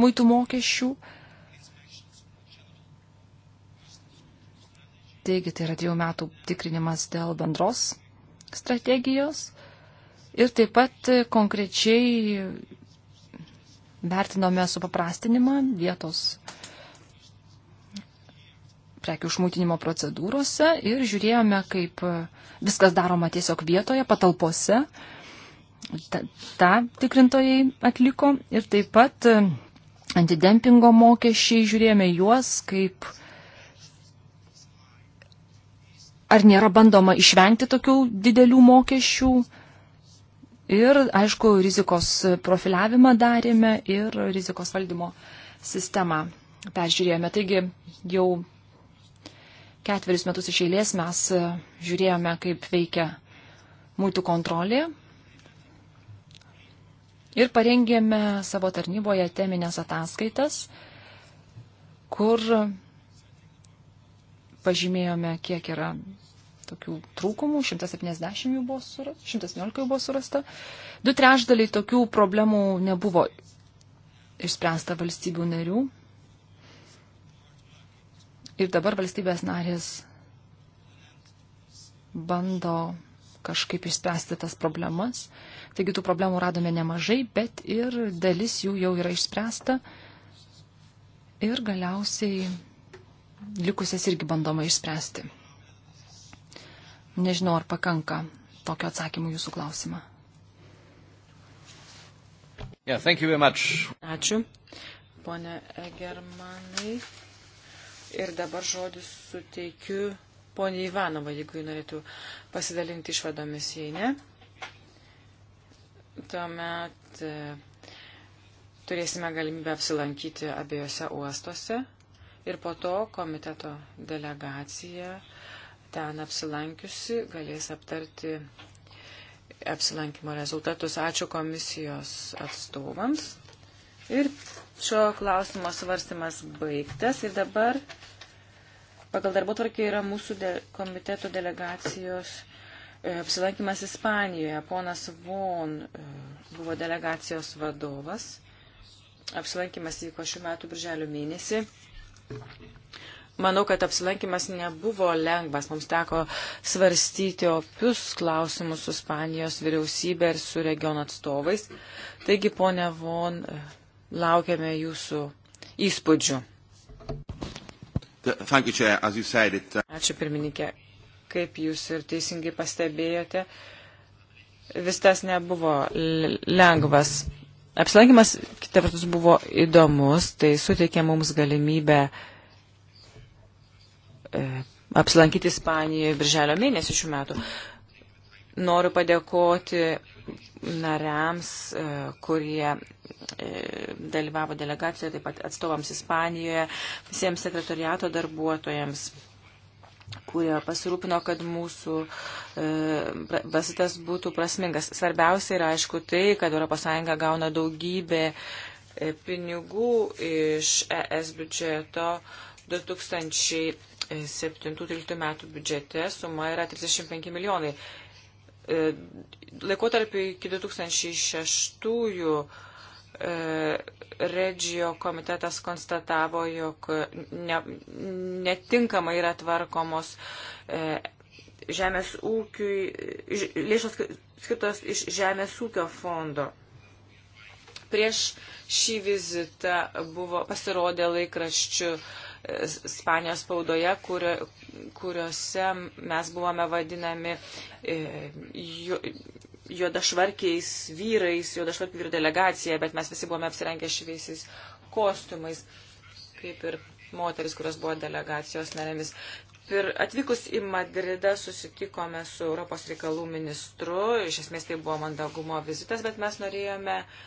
muitų mokesčių. Taigi tai yra dviejų metų tikrinimas dėl bendros strategijos. Ir taip pat e, konkrečiai vertinome supaprastinimą vietos prekių užmūtinimo procedūrose ir žiūrėjome, kaip viskas daroma tiesiog vietoje, patalpose. Ta, ta tikrintojai atliko ir taip pat e, antidempingo mokesčiai žiūrėjome juos, kaip ar nėra bandoma išvengti tokių didelių mokesčių. Ir, aišku, rizikos profiliavimą darėme ir rizikos valdymo sistemą peržiūrėjome. Taigi jau ketverius metus iš eilės mes e, žiūrėjome, kaip veikia mūtų kontrolė ir parengėme savo tarnyboje teminės ataskaitas, kur pažymėjome, kiek yra tokių trūkumų, 170 jų buvo surasta, 111 jų buvo surasta. Du trešdaliai tokių problemų nebuvo išspręsta valstybių narių, Ir dabar valstybės narės bando kažkaip išspręsti tas problemas. Taigi tų problemų radome nemažai, bet ir dalis jų jau yra išspręsta. Ir galiausiai likusias irgi bandoma išspręsti. Nežinau, ar pakanka tokio atsakymų jūsų klausimą. Yeah, Ačiū, ponė Egermanai. Ir dabar žodis suteikiu poniai Ivanovai, jeigu ji norėtų pasidalinti išvadomis, jei ne. Tuomet e, turėsime galimybę apsilankyti abiejose uostuose ir po to komiteto delegacija ten apsilankiusi galės aptarti apsilankimo rezultatus. Ačiū komisijos atstovams ir Šio klausimo svarstymas baigtas ir dabar pagal darbo tvarkį yra mūsų de komiteto delegacijos e, apsilankimas Ispanijoje. Ponas Von e, buvo delegacijos vadovas. Apsilankimas vyko šių metų birželio mėnesį. Manau, kad apsilankimas nebuvo lengvas. Mums teko svarstyti opius klausimus su Spanijos vyriausybė ir su regiono atstovais. Taigi, ponia Von, e, Laukiame jūsų įspūdžių. Uh, Ačiū pirmininkė. Kaip jūs ir teisingai pastebėjote, vis tas nebuvo lengvas. Apsilankimas, kita vertus, buvo įdomus, tai suteikė mums galimybę e, apsilankyti Ispanijoje birželio mėnesį šių metų. Noriu padėkoti nariams, e, kurie e, dalyvavo delegacijoje, taip pat atstovams Ispanijoje, visiems sekretoriato darbuotojams kurie pasirūpino, kad mūsų e, basitas būtų prasmingas. Svarbiausia yra aišku tai, kad ES gauna daugybę e, pinigų iš ES biudžeto 2007-2013 metų biudžete, suma yra 35 milijonai. E, laikotarpiu iki 2006 e, Regio komitetas konstatavo, jog ne, netinkamai yra tvarkomos e, žemės ūkiui, lėšos skirtos iš žemės ūkio fondo. Prieš šį vizitą buvo pasirodę laikraščių uh, Spanijos spaudoje, kurio, kuriuose mes buvome vadinami e, ju, juodašvarkiais vyrais, juodašvarkių vyrų delegacija, bet mes visi buvome apsirengę šviesiais kostiumais, kaip ir moteris, kurios buvo delegacijos narėmis. Ir atvykus į Madridą susitikome su Europos reikalų ministru, iš esmės tai buvo mandagumo vizitas, bet mes norėjome uh,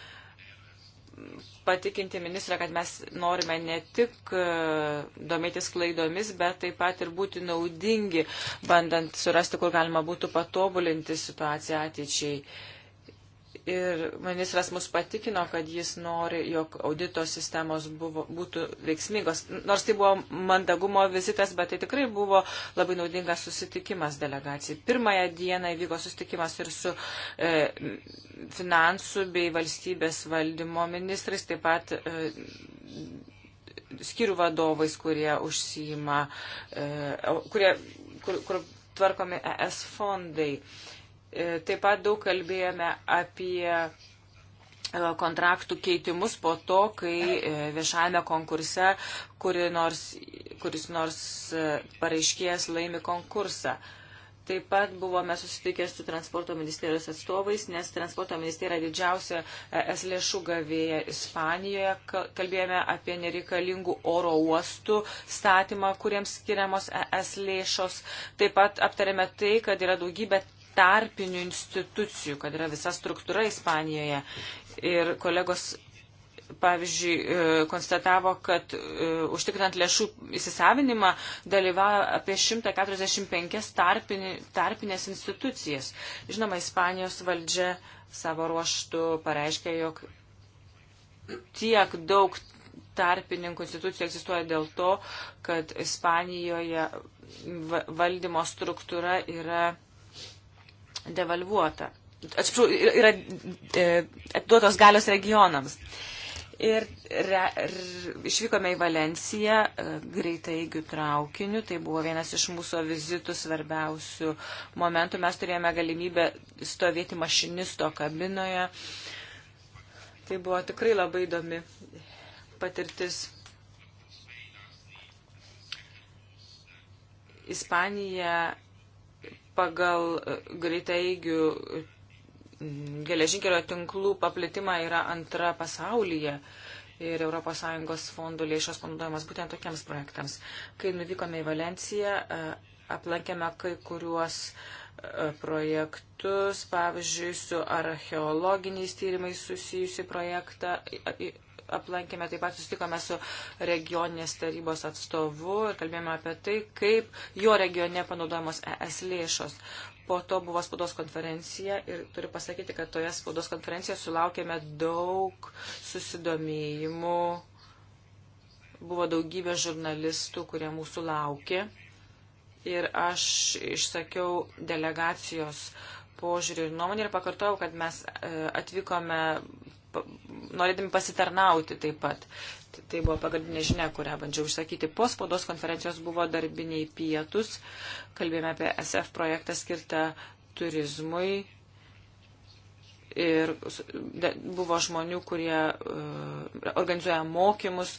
patikinti ministrą, kad mes norime ne tik e, domėtis klaidomis, bet taip pat ir būti naudingi, bandant surasti, kur galima būtų patobulinti situaciją ateičiai. Uh, Ir ministras mus patikino, kad jis nori, jog audito sistemos buvo, būtų veiksmingos. Nors tai buvo mandagumo vizitas, bet tai tikrai buvo labai naudingas susitikimas delegacijai. Pirmąją dieną įvyko susitikimas ir su e, finansų bei valstybės valdymo ministrais, taip pat e, skirių vadovais, kurie užsijima, e, kurie, kur, kur tvarkomi ES fondai. E, E, taip pat daug kalbėjome apie e, kontraktų keitimus po to, kai e, viešajame konkurse kuri nors, kuris nors pareiškėjas laimi konkursą. Taip pat buvome susitikę su transporto ministerijos atstovais, nes transporto ministerija didžiausia es lėšų gavėja Ispanijoje. Kalbėjome apie nereikalingų oro uostų statymą, kuriems skiriamos es lėšos. Taip pat aptarėme tai, kad yra daugybė tarpinių institucijų, kad yra visa struktūra Ispanijoje. Ir kolegos, pavyzdžiui, e, konstatavo, kad e, užtikrinant lėšų įsisavinimą dalyvauja apie 145 tarpini, tarpinės institucijas. Žinoma, Ispanijos valdžia savo ruoštų pareiškia, jog tiek daug tarpininkų institucijų egzistuoja dėl to, kad Ispanijoje valdymo struktūra yra devalvuota. Atsiprašau, yra e, atiduotos galios regionams. Ir re, re, išvykome į Valenciją e, greitai įgių traukiniu. Tai buvo vienas iš mūsų vizitų svarbiausių momentų. Mes turėjome galimybę stovėti mašinisto kabinoje. Tai buvo tikrai labai įdomi patirtis. Ispanija pagal e, greitaigių geležinkelio tinklų paplitimą yra antra pasaulyje ir ES fondų lėšos panaudojamas būtent tokiems projektams. Kai nuvykome į Valenciją, e, aplankėme kai kuriuos e, projektus, pavyzdžiui, su archeologiniais tyrimais susijusi projektą, aplankėme, taip pat sustikome su regioninės tarybos atstovu ir kalbėjome apie tai, kaip jo regione panaudojamos ES lėšos. Po to buvo spaudos konferencija ir turiu pasakyti, kad toje spaudos konferencijoje sulaukėme daug susidomėjimų. Buvo daugybė žurnalistų, kurie mūsų laukė. Ir aš išsakiau delegacijos požiūrį ir nuomonį ir pakartojau, kad mes e, atvykome norėdami pasitarnauti taip pat. Tai, tai buvo pagrindinė žinia, kurią bandžiau išsakyti. Po spaudos konferencijos buvo darbiniai pietus, kalbėjome apie SF projektą skirtą turizmui. Ir buvo žmonių, kurie uh, organizuoja mokymus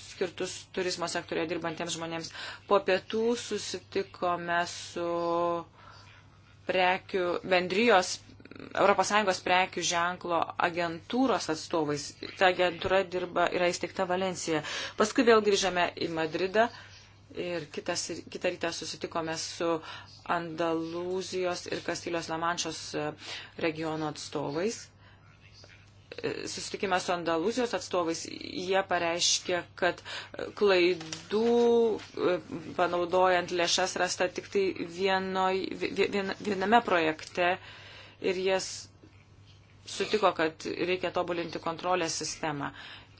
skirtus turizmo sektorėje dirbantiems žmonėms. Po pietų susitikome su prekių bendrijos ES prekių ženklo agentūros atstovais. Ta agentūra dirba, yra įsteigta Valencija. Paskui vėl grįžame į Madridą ir kitas, kitą rytą susitikome su Andalūzijos ir Kastilijos Lamančios e, regiono atstovais. E, susitikime su Andalūzijos atstovais, jie pareiškė, kad klaidų e, panaudojant lėšas rasta tik tai vienoj, vien, viename projekte ir jas sutiko, kad reikia tobulinti kontrolės sistemą.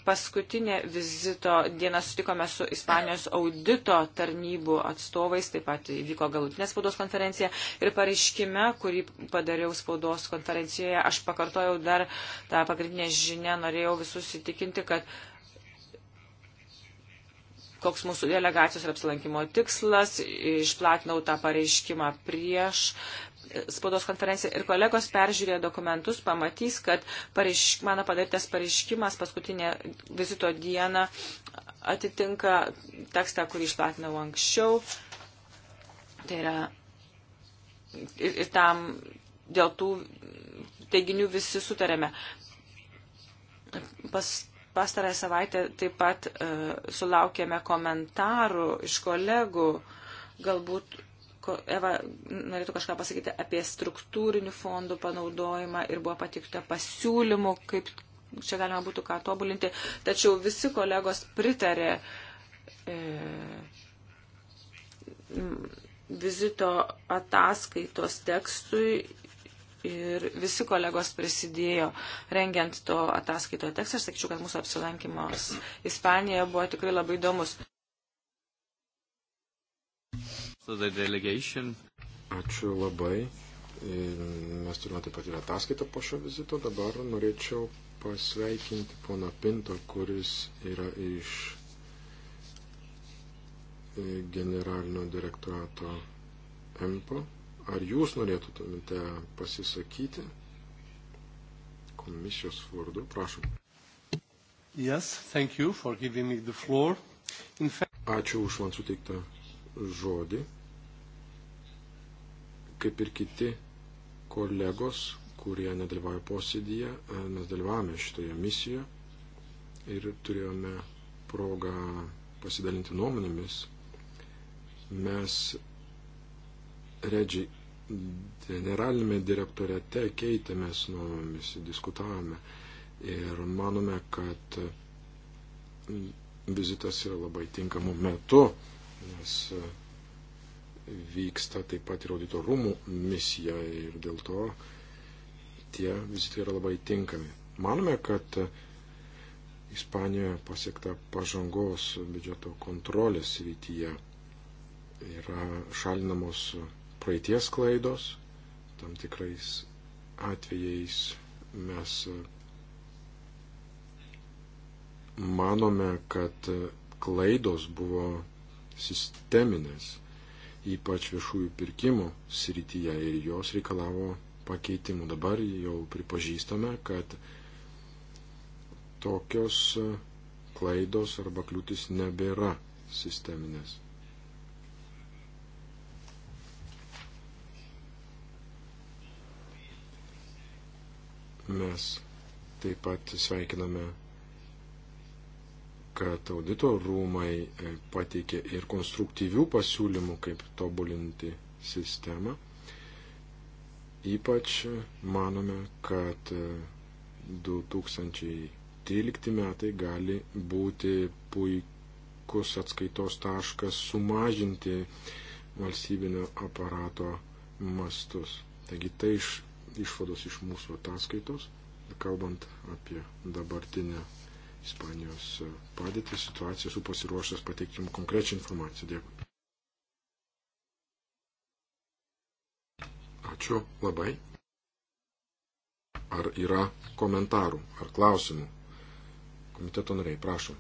Paskutinė vizito diena sutikome su Ispanijos audito tarnybų atstovais, taip pat įvyko galutinė spaudos konferencija ir pareiškime, kurį padariau spaudos konferencijoje, aš pakartojau dar tą pagrindinę žinę, norėjau visus įtikinti, kad koks mūsų delegacijos ir apsilankimo tikslas, išplatinau tą pareiškimą prieš spaudos konferenciją ir kolegos peržiūrėjo dokumentus, pamatys, kad pareiš, mano padarytas pareiškimas paskutinę vizito dieną atitinka tekstą, kurį išplatinau anksčiau. Tai yra ir, ir tam dėl tų teiginių visi sutarėme. Pas, pastarąją savaitę taip pat uh, sulaukėme komentarų iš kolegų, galbūt Eva norėtų kažką pasakyti apie struktūrinių fondų panaudojimą ir buvo patikta pasiūlymų, kaip čia galima būtų ką tobulinti. Tačiau visi kolegos pritarė e, vizito ataskaitos tekstui ir visi kolegos prisidėjo rengiant to ataskaitoje tekstą. Aš sakyčiau, kad mūsų apsilankimas Ispanijoje buvo tikrai labai įdomus. Ačiū labai. Mes turime taip pat ir ataskaitą po šio vizito. Dabar norėčiau pasveikinti poną Pinto, kuris yra iš e, generalinio direktorato EMPO. Ar jūs norėtumėte pasisakyti komisijos vardu? Prašom. Yes, thank you for giving me the floor. In fact... Ačiū už man suteiktą žodį, kaip ir kiti kolegos, kurie nedalyvauja posėdyje, e, mes dalyvavome šitoje misijoje ir turėjome progą pasidalinti nuomonėmis. Mes Redži generalinėme direktorėte keitėmės nuomonėmis, diskutavome ir manome, kad vizitas yra labai tinkamu metu nes e, vyksta taip pat ir audito rūmų misija ir dėl to tie vizitai yra labai tinkami. Manome, kad e, Ispanijoje pasiekta pažangos biudžeto kontrolės rytyje yra šalinamos praeities klaidos, tam tikrais atvejais mes e, manome, kad klaidos buvo sisteminės, ypač viešųjų pirkimų srityje ir jos reikalavo pakeitimų. Dabar jau pripažįstame, kad tokios klaidos arba kliūtis nebėra sisteminės. Mes taip pat sveikiname kad audito rūmai e, pateikė ir konstruktyvių pasiūlymų, kaip tobulinti sistemą. Ypač manome, kad 2013 e, metai gali būti puikus atskaitos taškas sumažinti valstybinio aparato mastus. Taigi tai iš, išvados iš mūsų ataskaitos, kalbant apie dabartinę Ispanijos padėtį, situaciją, esu pasiruošęs pateikti jums konkrečią informaciją. Dėkui. Ačiū labai. Ar yra komentarų ar klausimų? Komiteto nariai, prašom.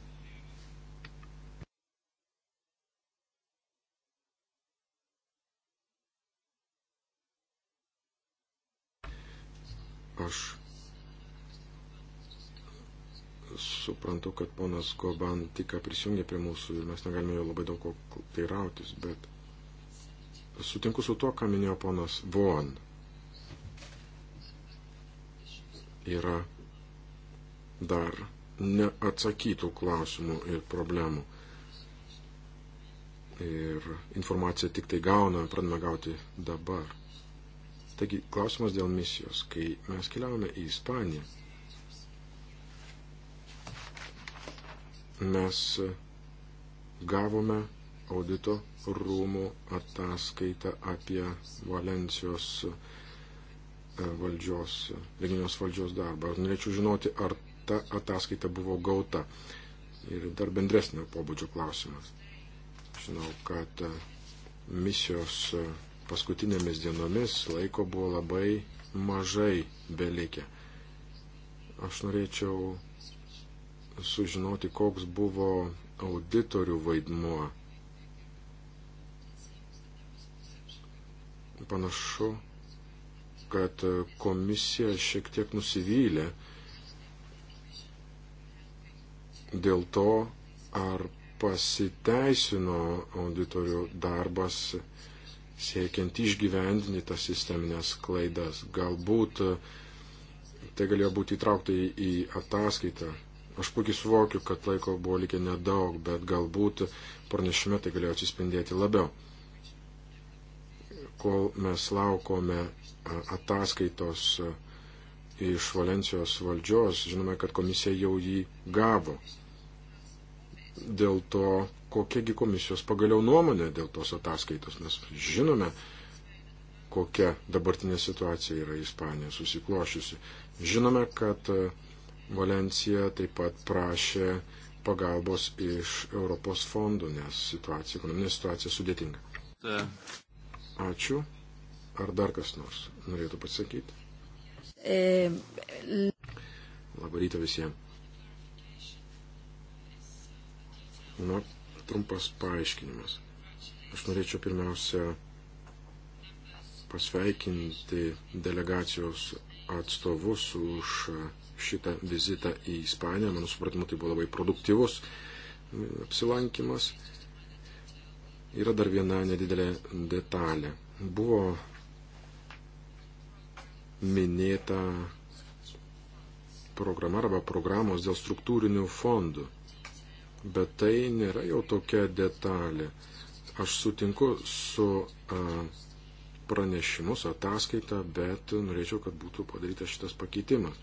Aš suprantu, kad ponas Goban tik prisijungė prie mūsų ir mes negalime jo labai daug ko teirautis, bet sutinku su tuo, ką minėjo ponas Von. Yra dar neatsakytų klausimų ir problemų. Ir informaciją tik tai gauna, pradame gauti dabar. Taigi, klausimas dėl misijos. Kai mes keliavome į Ispaniją, mes gavome audito rūmų ataskaitą apie Valencijos e, valdžios, Leginijos valdžios darbą. Ar norėčiau žinoti, ar ta ataskaita buvo gauta. Ir dar bendresnio pobūdžio klausimas. Žinau, kad e, misijos e, paskutinėmis dienomis laiko buvo labai mažai belikę. Aš norėčiau sužinoti, koks buvo auditorių vaidmuo. Panašu, kad komisija šiek tiek nusivylė dėl to, ar pasiteisino auditorių darbas siekiant išgyvendinti tas sisteminės klaidas. Galbūt e, tai galėjo būti įtraukta į ataskaitą, Aš puikiai suvokiu, kad laiko buvo likę nedaug, bet galbūt pranešime tai galėjo atsispindėti labiau. Kol mes laukome ataskaitos iš Valencijos valdžios, žinome, kad komisija jau jį gavo. Dėl to, kokiagi komisijos pagaliau nuomonė dėl tos ataskaitos, mes žinome, kokia dabartinė situacija yra Ispanija susiklošiusi. Žinome, kad Valencija taip pat prašė pagalbos iš Europos fondų, nes situacija, ekonominė situacija sudėtinga. Ačiū. Ar dar kas nors norėtų pasakyti? Labą rytą visiems. Na, trumpas paaiškinimas. Aš norėčiau pirmiausia pasveikinti delegacijos atstovus už uh, šitą vizitą į Ispaniją. Mano supratimu, tai buvo labai produktyvus mm, apsilankimas. Yra dar viena nedidelė detalė. Buvo minėta programa arba programos dėl struktūrinių fondų. Bet tai nėra jau tokia detalė. Aš sutinku su a, pranešimus, ataskaitą, bet norėčiau, kad būtų padarytas šitas pakeitimas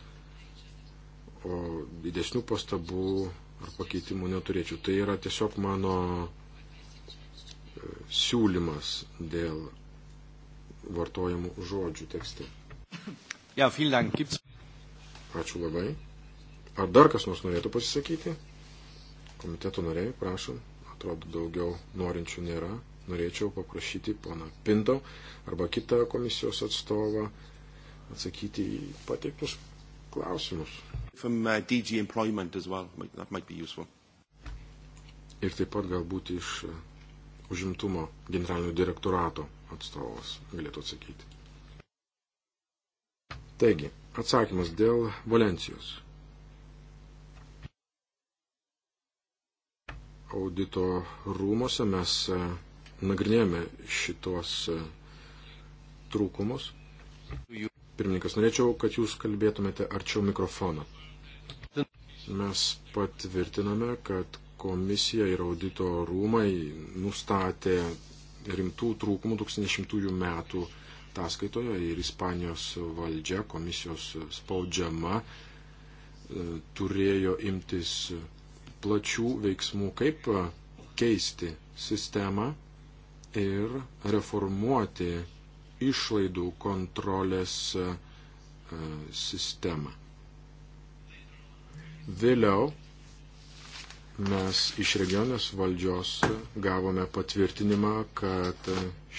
o didesnių pastabų ar pakeitimų neturėčiau. Tai yra tiesiog mano e, siūlymas dėl vartojamų žodžių tekste. Ja, dank. Ačiū labai. Ar dar kas nors norėtų pasisakyti? Komiteto nariai, prašom. Atrodo, daugiau norinčių nėra. Norėčiau paprašyti pana Pinto arba kitą komisijos atstovą atsakyti į pateiktus klausimus. From, uh, DG Employment as well. That might be useful. Ir taip pat galbūt iš uh, užimtumo generalinio direktorato atstovas galėtų atsakyti. Taigi, atsakymas dėl Valencijos. Audito rūmose mes uh, nagrinėjome šitos uh, trūkumus. Pirmininkas, norėčiau, kad jūs kalbėtumėte arčiau mikrofono. Mes patvirtiname, kad komisija ir audito rūmai nustatė rimtų trūkumų 2010 metų ataskaitoje ir Ispanijos valdžia, komisijos spaudžiama, e, turėjo imtis plačių veiksmų, kaip keisti sistemą ir reformuoti išlaidų kontrolės e, sistemą. Vėliau mes iš regionės valdžios gavome patvirtinimą, kad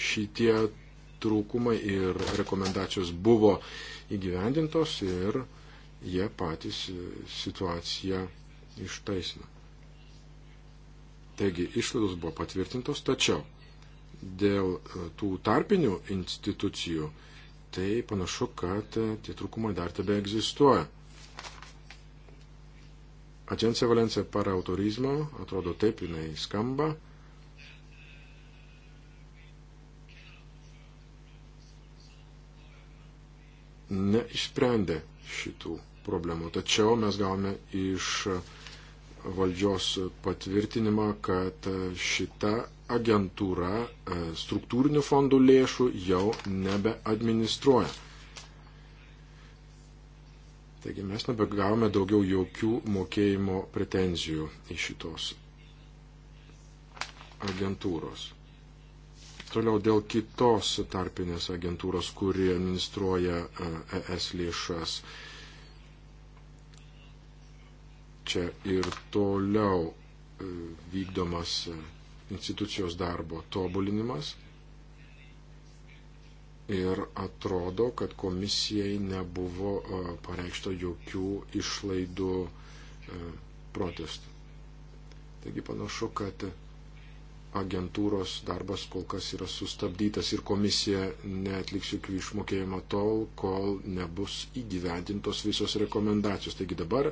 šitie trūkumai ir rekomendacijos buvo įgyvendintos ir jie patys e, situaciją ištaisino. Taigi išlaidos buvo patvirtintos, tačiau dėl e, tų tarpinių institucijų, tai panašu, kad e, tie trūkumai dar tebe egzistuoja. Agencija Valencija para autorizmo, atrodo taip jinai skamba. Neišsprendė šitų problemų. Tačiau mes gavome iš valdžios patvirtinimą, kad e, šita agentūra e, struktūrinių fondų lėšų jau nebeadministruoja. Taigi mes nebegavome daugiau jokių mokėjimo pretenzijų iš šitos agentūros. Toliau dėl kitos tarpinės agentūros, kuri administruoja ES e lėšas. Čia ir toliau e, vykdomas institucijos darbo tobulinimas ir atrodo, kad komisijai nebuvo e, pareikšta jokių išlaidų e, protestų. Taigi panašu, kad agentūros darbas kol kas yra sustabdytas ir komisija netliks jokių išmokėjimo tol, kol nebus įgyvendintos visos rekomendacijos. Taigi dabar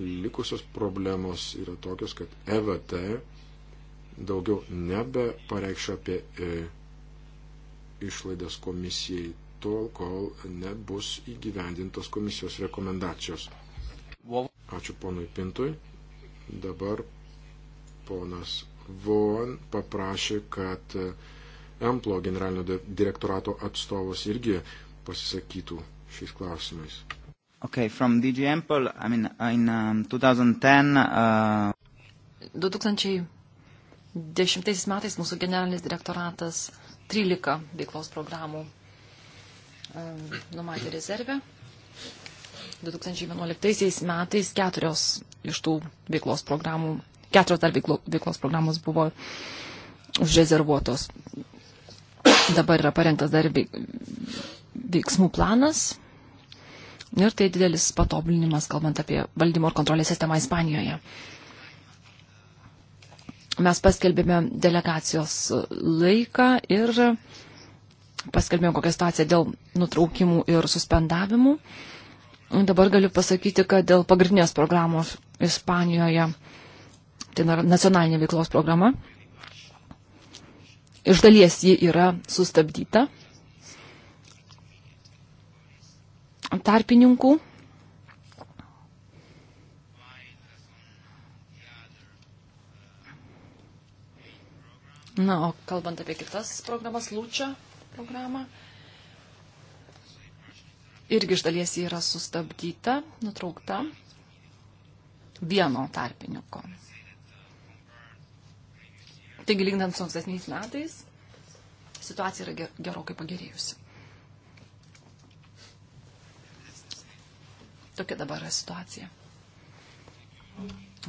likusios problemos yra tokios, kad EVT daugiau nebepareikšiu apie e, išlaidas komisijai tol, kol nebus įgyvendintos komisijos rekomendacijos. Ačiū ponui Pintui. Dabar ponas Von paprašė, kad e, Emplo generalinio direktorato atstovas irgi pasisakytų šiais klausimais. Okay, from DG Ample, I mean, in um, 2010. Uh... 2000 Dešimtaisiais metais mūsų generalinis direktoratas 13 veiklos programų numatė rezervę. 2011 metais keturios iš tų veiklos programų, keturios dar veiklo, veiklos programos buvo užrezervuotos. Dabar yra parengtas dar veiksmų planas ir tai didelis patobulinimas, kalbant apie valdymo ir kontrolės sistemą Ispanijoje mes paskelbėme delegacijos laiką ir paskelbėme kokią situaciją dėl nutraukimų ir suspendavimų. Dabar galiu pasakyti, kad dėl pagrindinės programos Ispanijoje, tai nacionalinė veiklos programa, iš dalies ji yra sustabdyta tarpininkų Na, o kalbant apie kitas programas, Lūčio programą, irgi iš dalies yra sustabdyta, nutraukta vieno tarpininko. Taigi, lygdant su ankstesniais metais, situacija yra gerokai pagerėjusi. Tokia dabar yra situacija.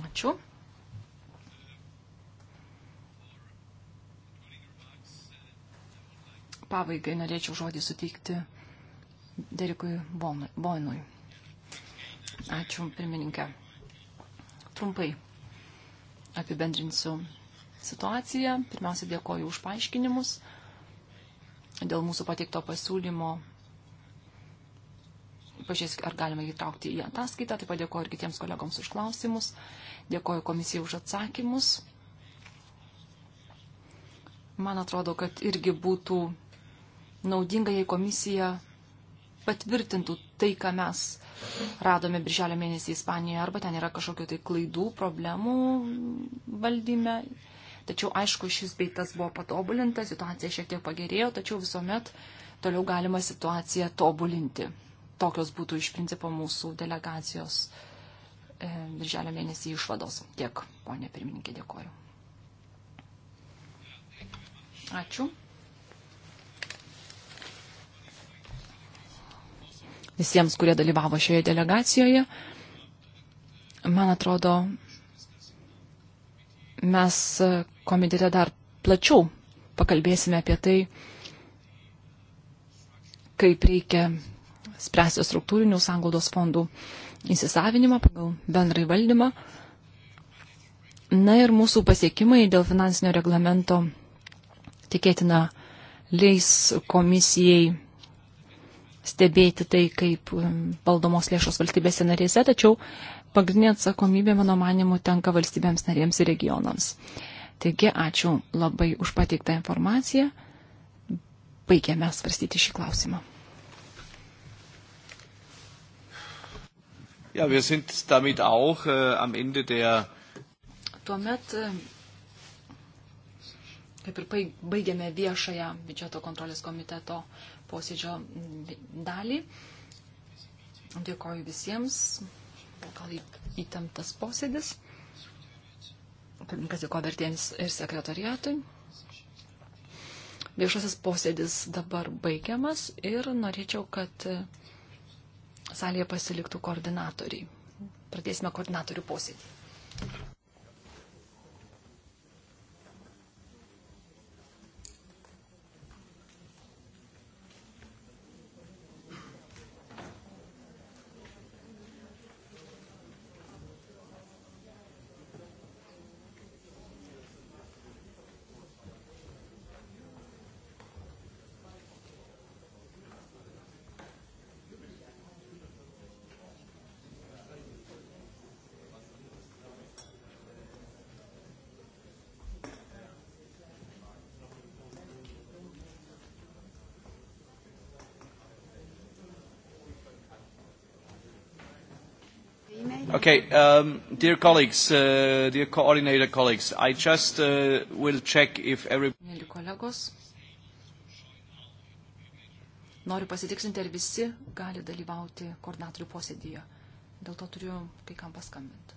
Ačiū. Pabaigai norėčiau žodį suteikti Derikui Boinui. Ačiū, pirmininkė. Trumpai apibendrinsiu situaciją. Pirmiausia, dėkoju už paaiškinimus dėl mūsų pateikto pasiūlymo. Pažiūrėsiu, ar galima jį traukti į ataskaitą. Taip pat dėkoju ir kitiems kolegoms už klausimus. Dėkoju komisijai už atsakymus. Man atrodo, kad irgi būtų naudinga, jei komisija patvirtintų tai, ką mes radome birželio mėnesį Ispanijoje, arba ten yra kažkokių tai klaidų, problemų valdyme. Tačiau, aišku, šis beitas buvo patobulinta, situacija šiek tiek pagerėjo, tačiau visuomet toliau galima situaciją tobulinti. Tokios būtų iš principo mūsų delegacijos e, birželio mėnesį išvados. Tiek, ponė pirmininkė, dėkoju. Ačiū. visiems, kurie dalyvavo šioje delegacijoje. Man atrodo, mes komitete dar plačiau pakalbėsime apie tai, kaip reikia spręsti struktūrinių sąnaudos fondų įsisavinimą pagal bendrai valdymą. Na ir mūsų pasiekimai dėl finansinio reglamento tikėtina leis komisijai stebėti tai, kaip um, valdomos lėšos valstybėse narėse, tačiau pagrindinė atsakomybė, mano manimu, tenka valstybėms narėms ir regionams. Taigi, ačiū labai už pateiktą informaciją. Baigėme svarstyti šį klausimą. Ja, wir sind damit auch äh, am Ende der. Tuomet äh, kaip ir baigėme viešąją biudžeto kontrolės komiteto posėdžio dalį. Dėkoju visiems. Gal įtemptas posėdis. Pirmininkas dėkoja vertėjams ir sekretariatui. Viešasis posėdis dabar baigiamas ir norėčiau, kad e, salėje pasiliktų koordinatoriai. Pradėsime koordinatorių posėdį. Okay, um, dear colleagues, uh, dear coordinator colleagues, I just uh, will check if every... Mėly kolegos, noriu pasitiksinti, ar visi gali dalyvauti koordinatorių posėdyje. Dėl to turiu kai kam paskambinti.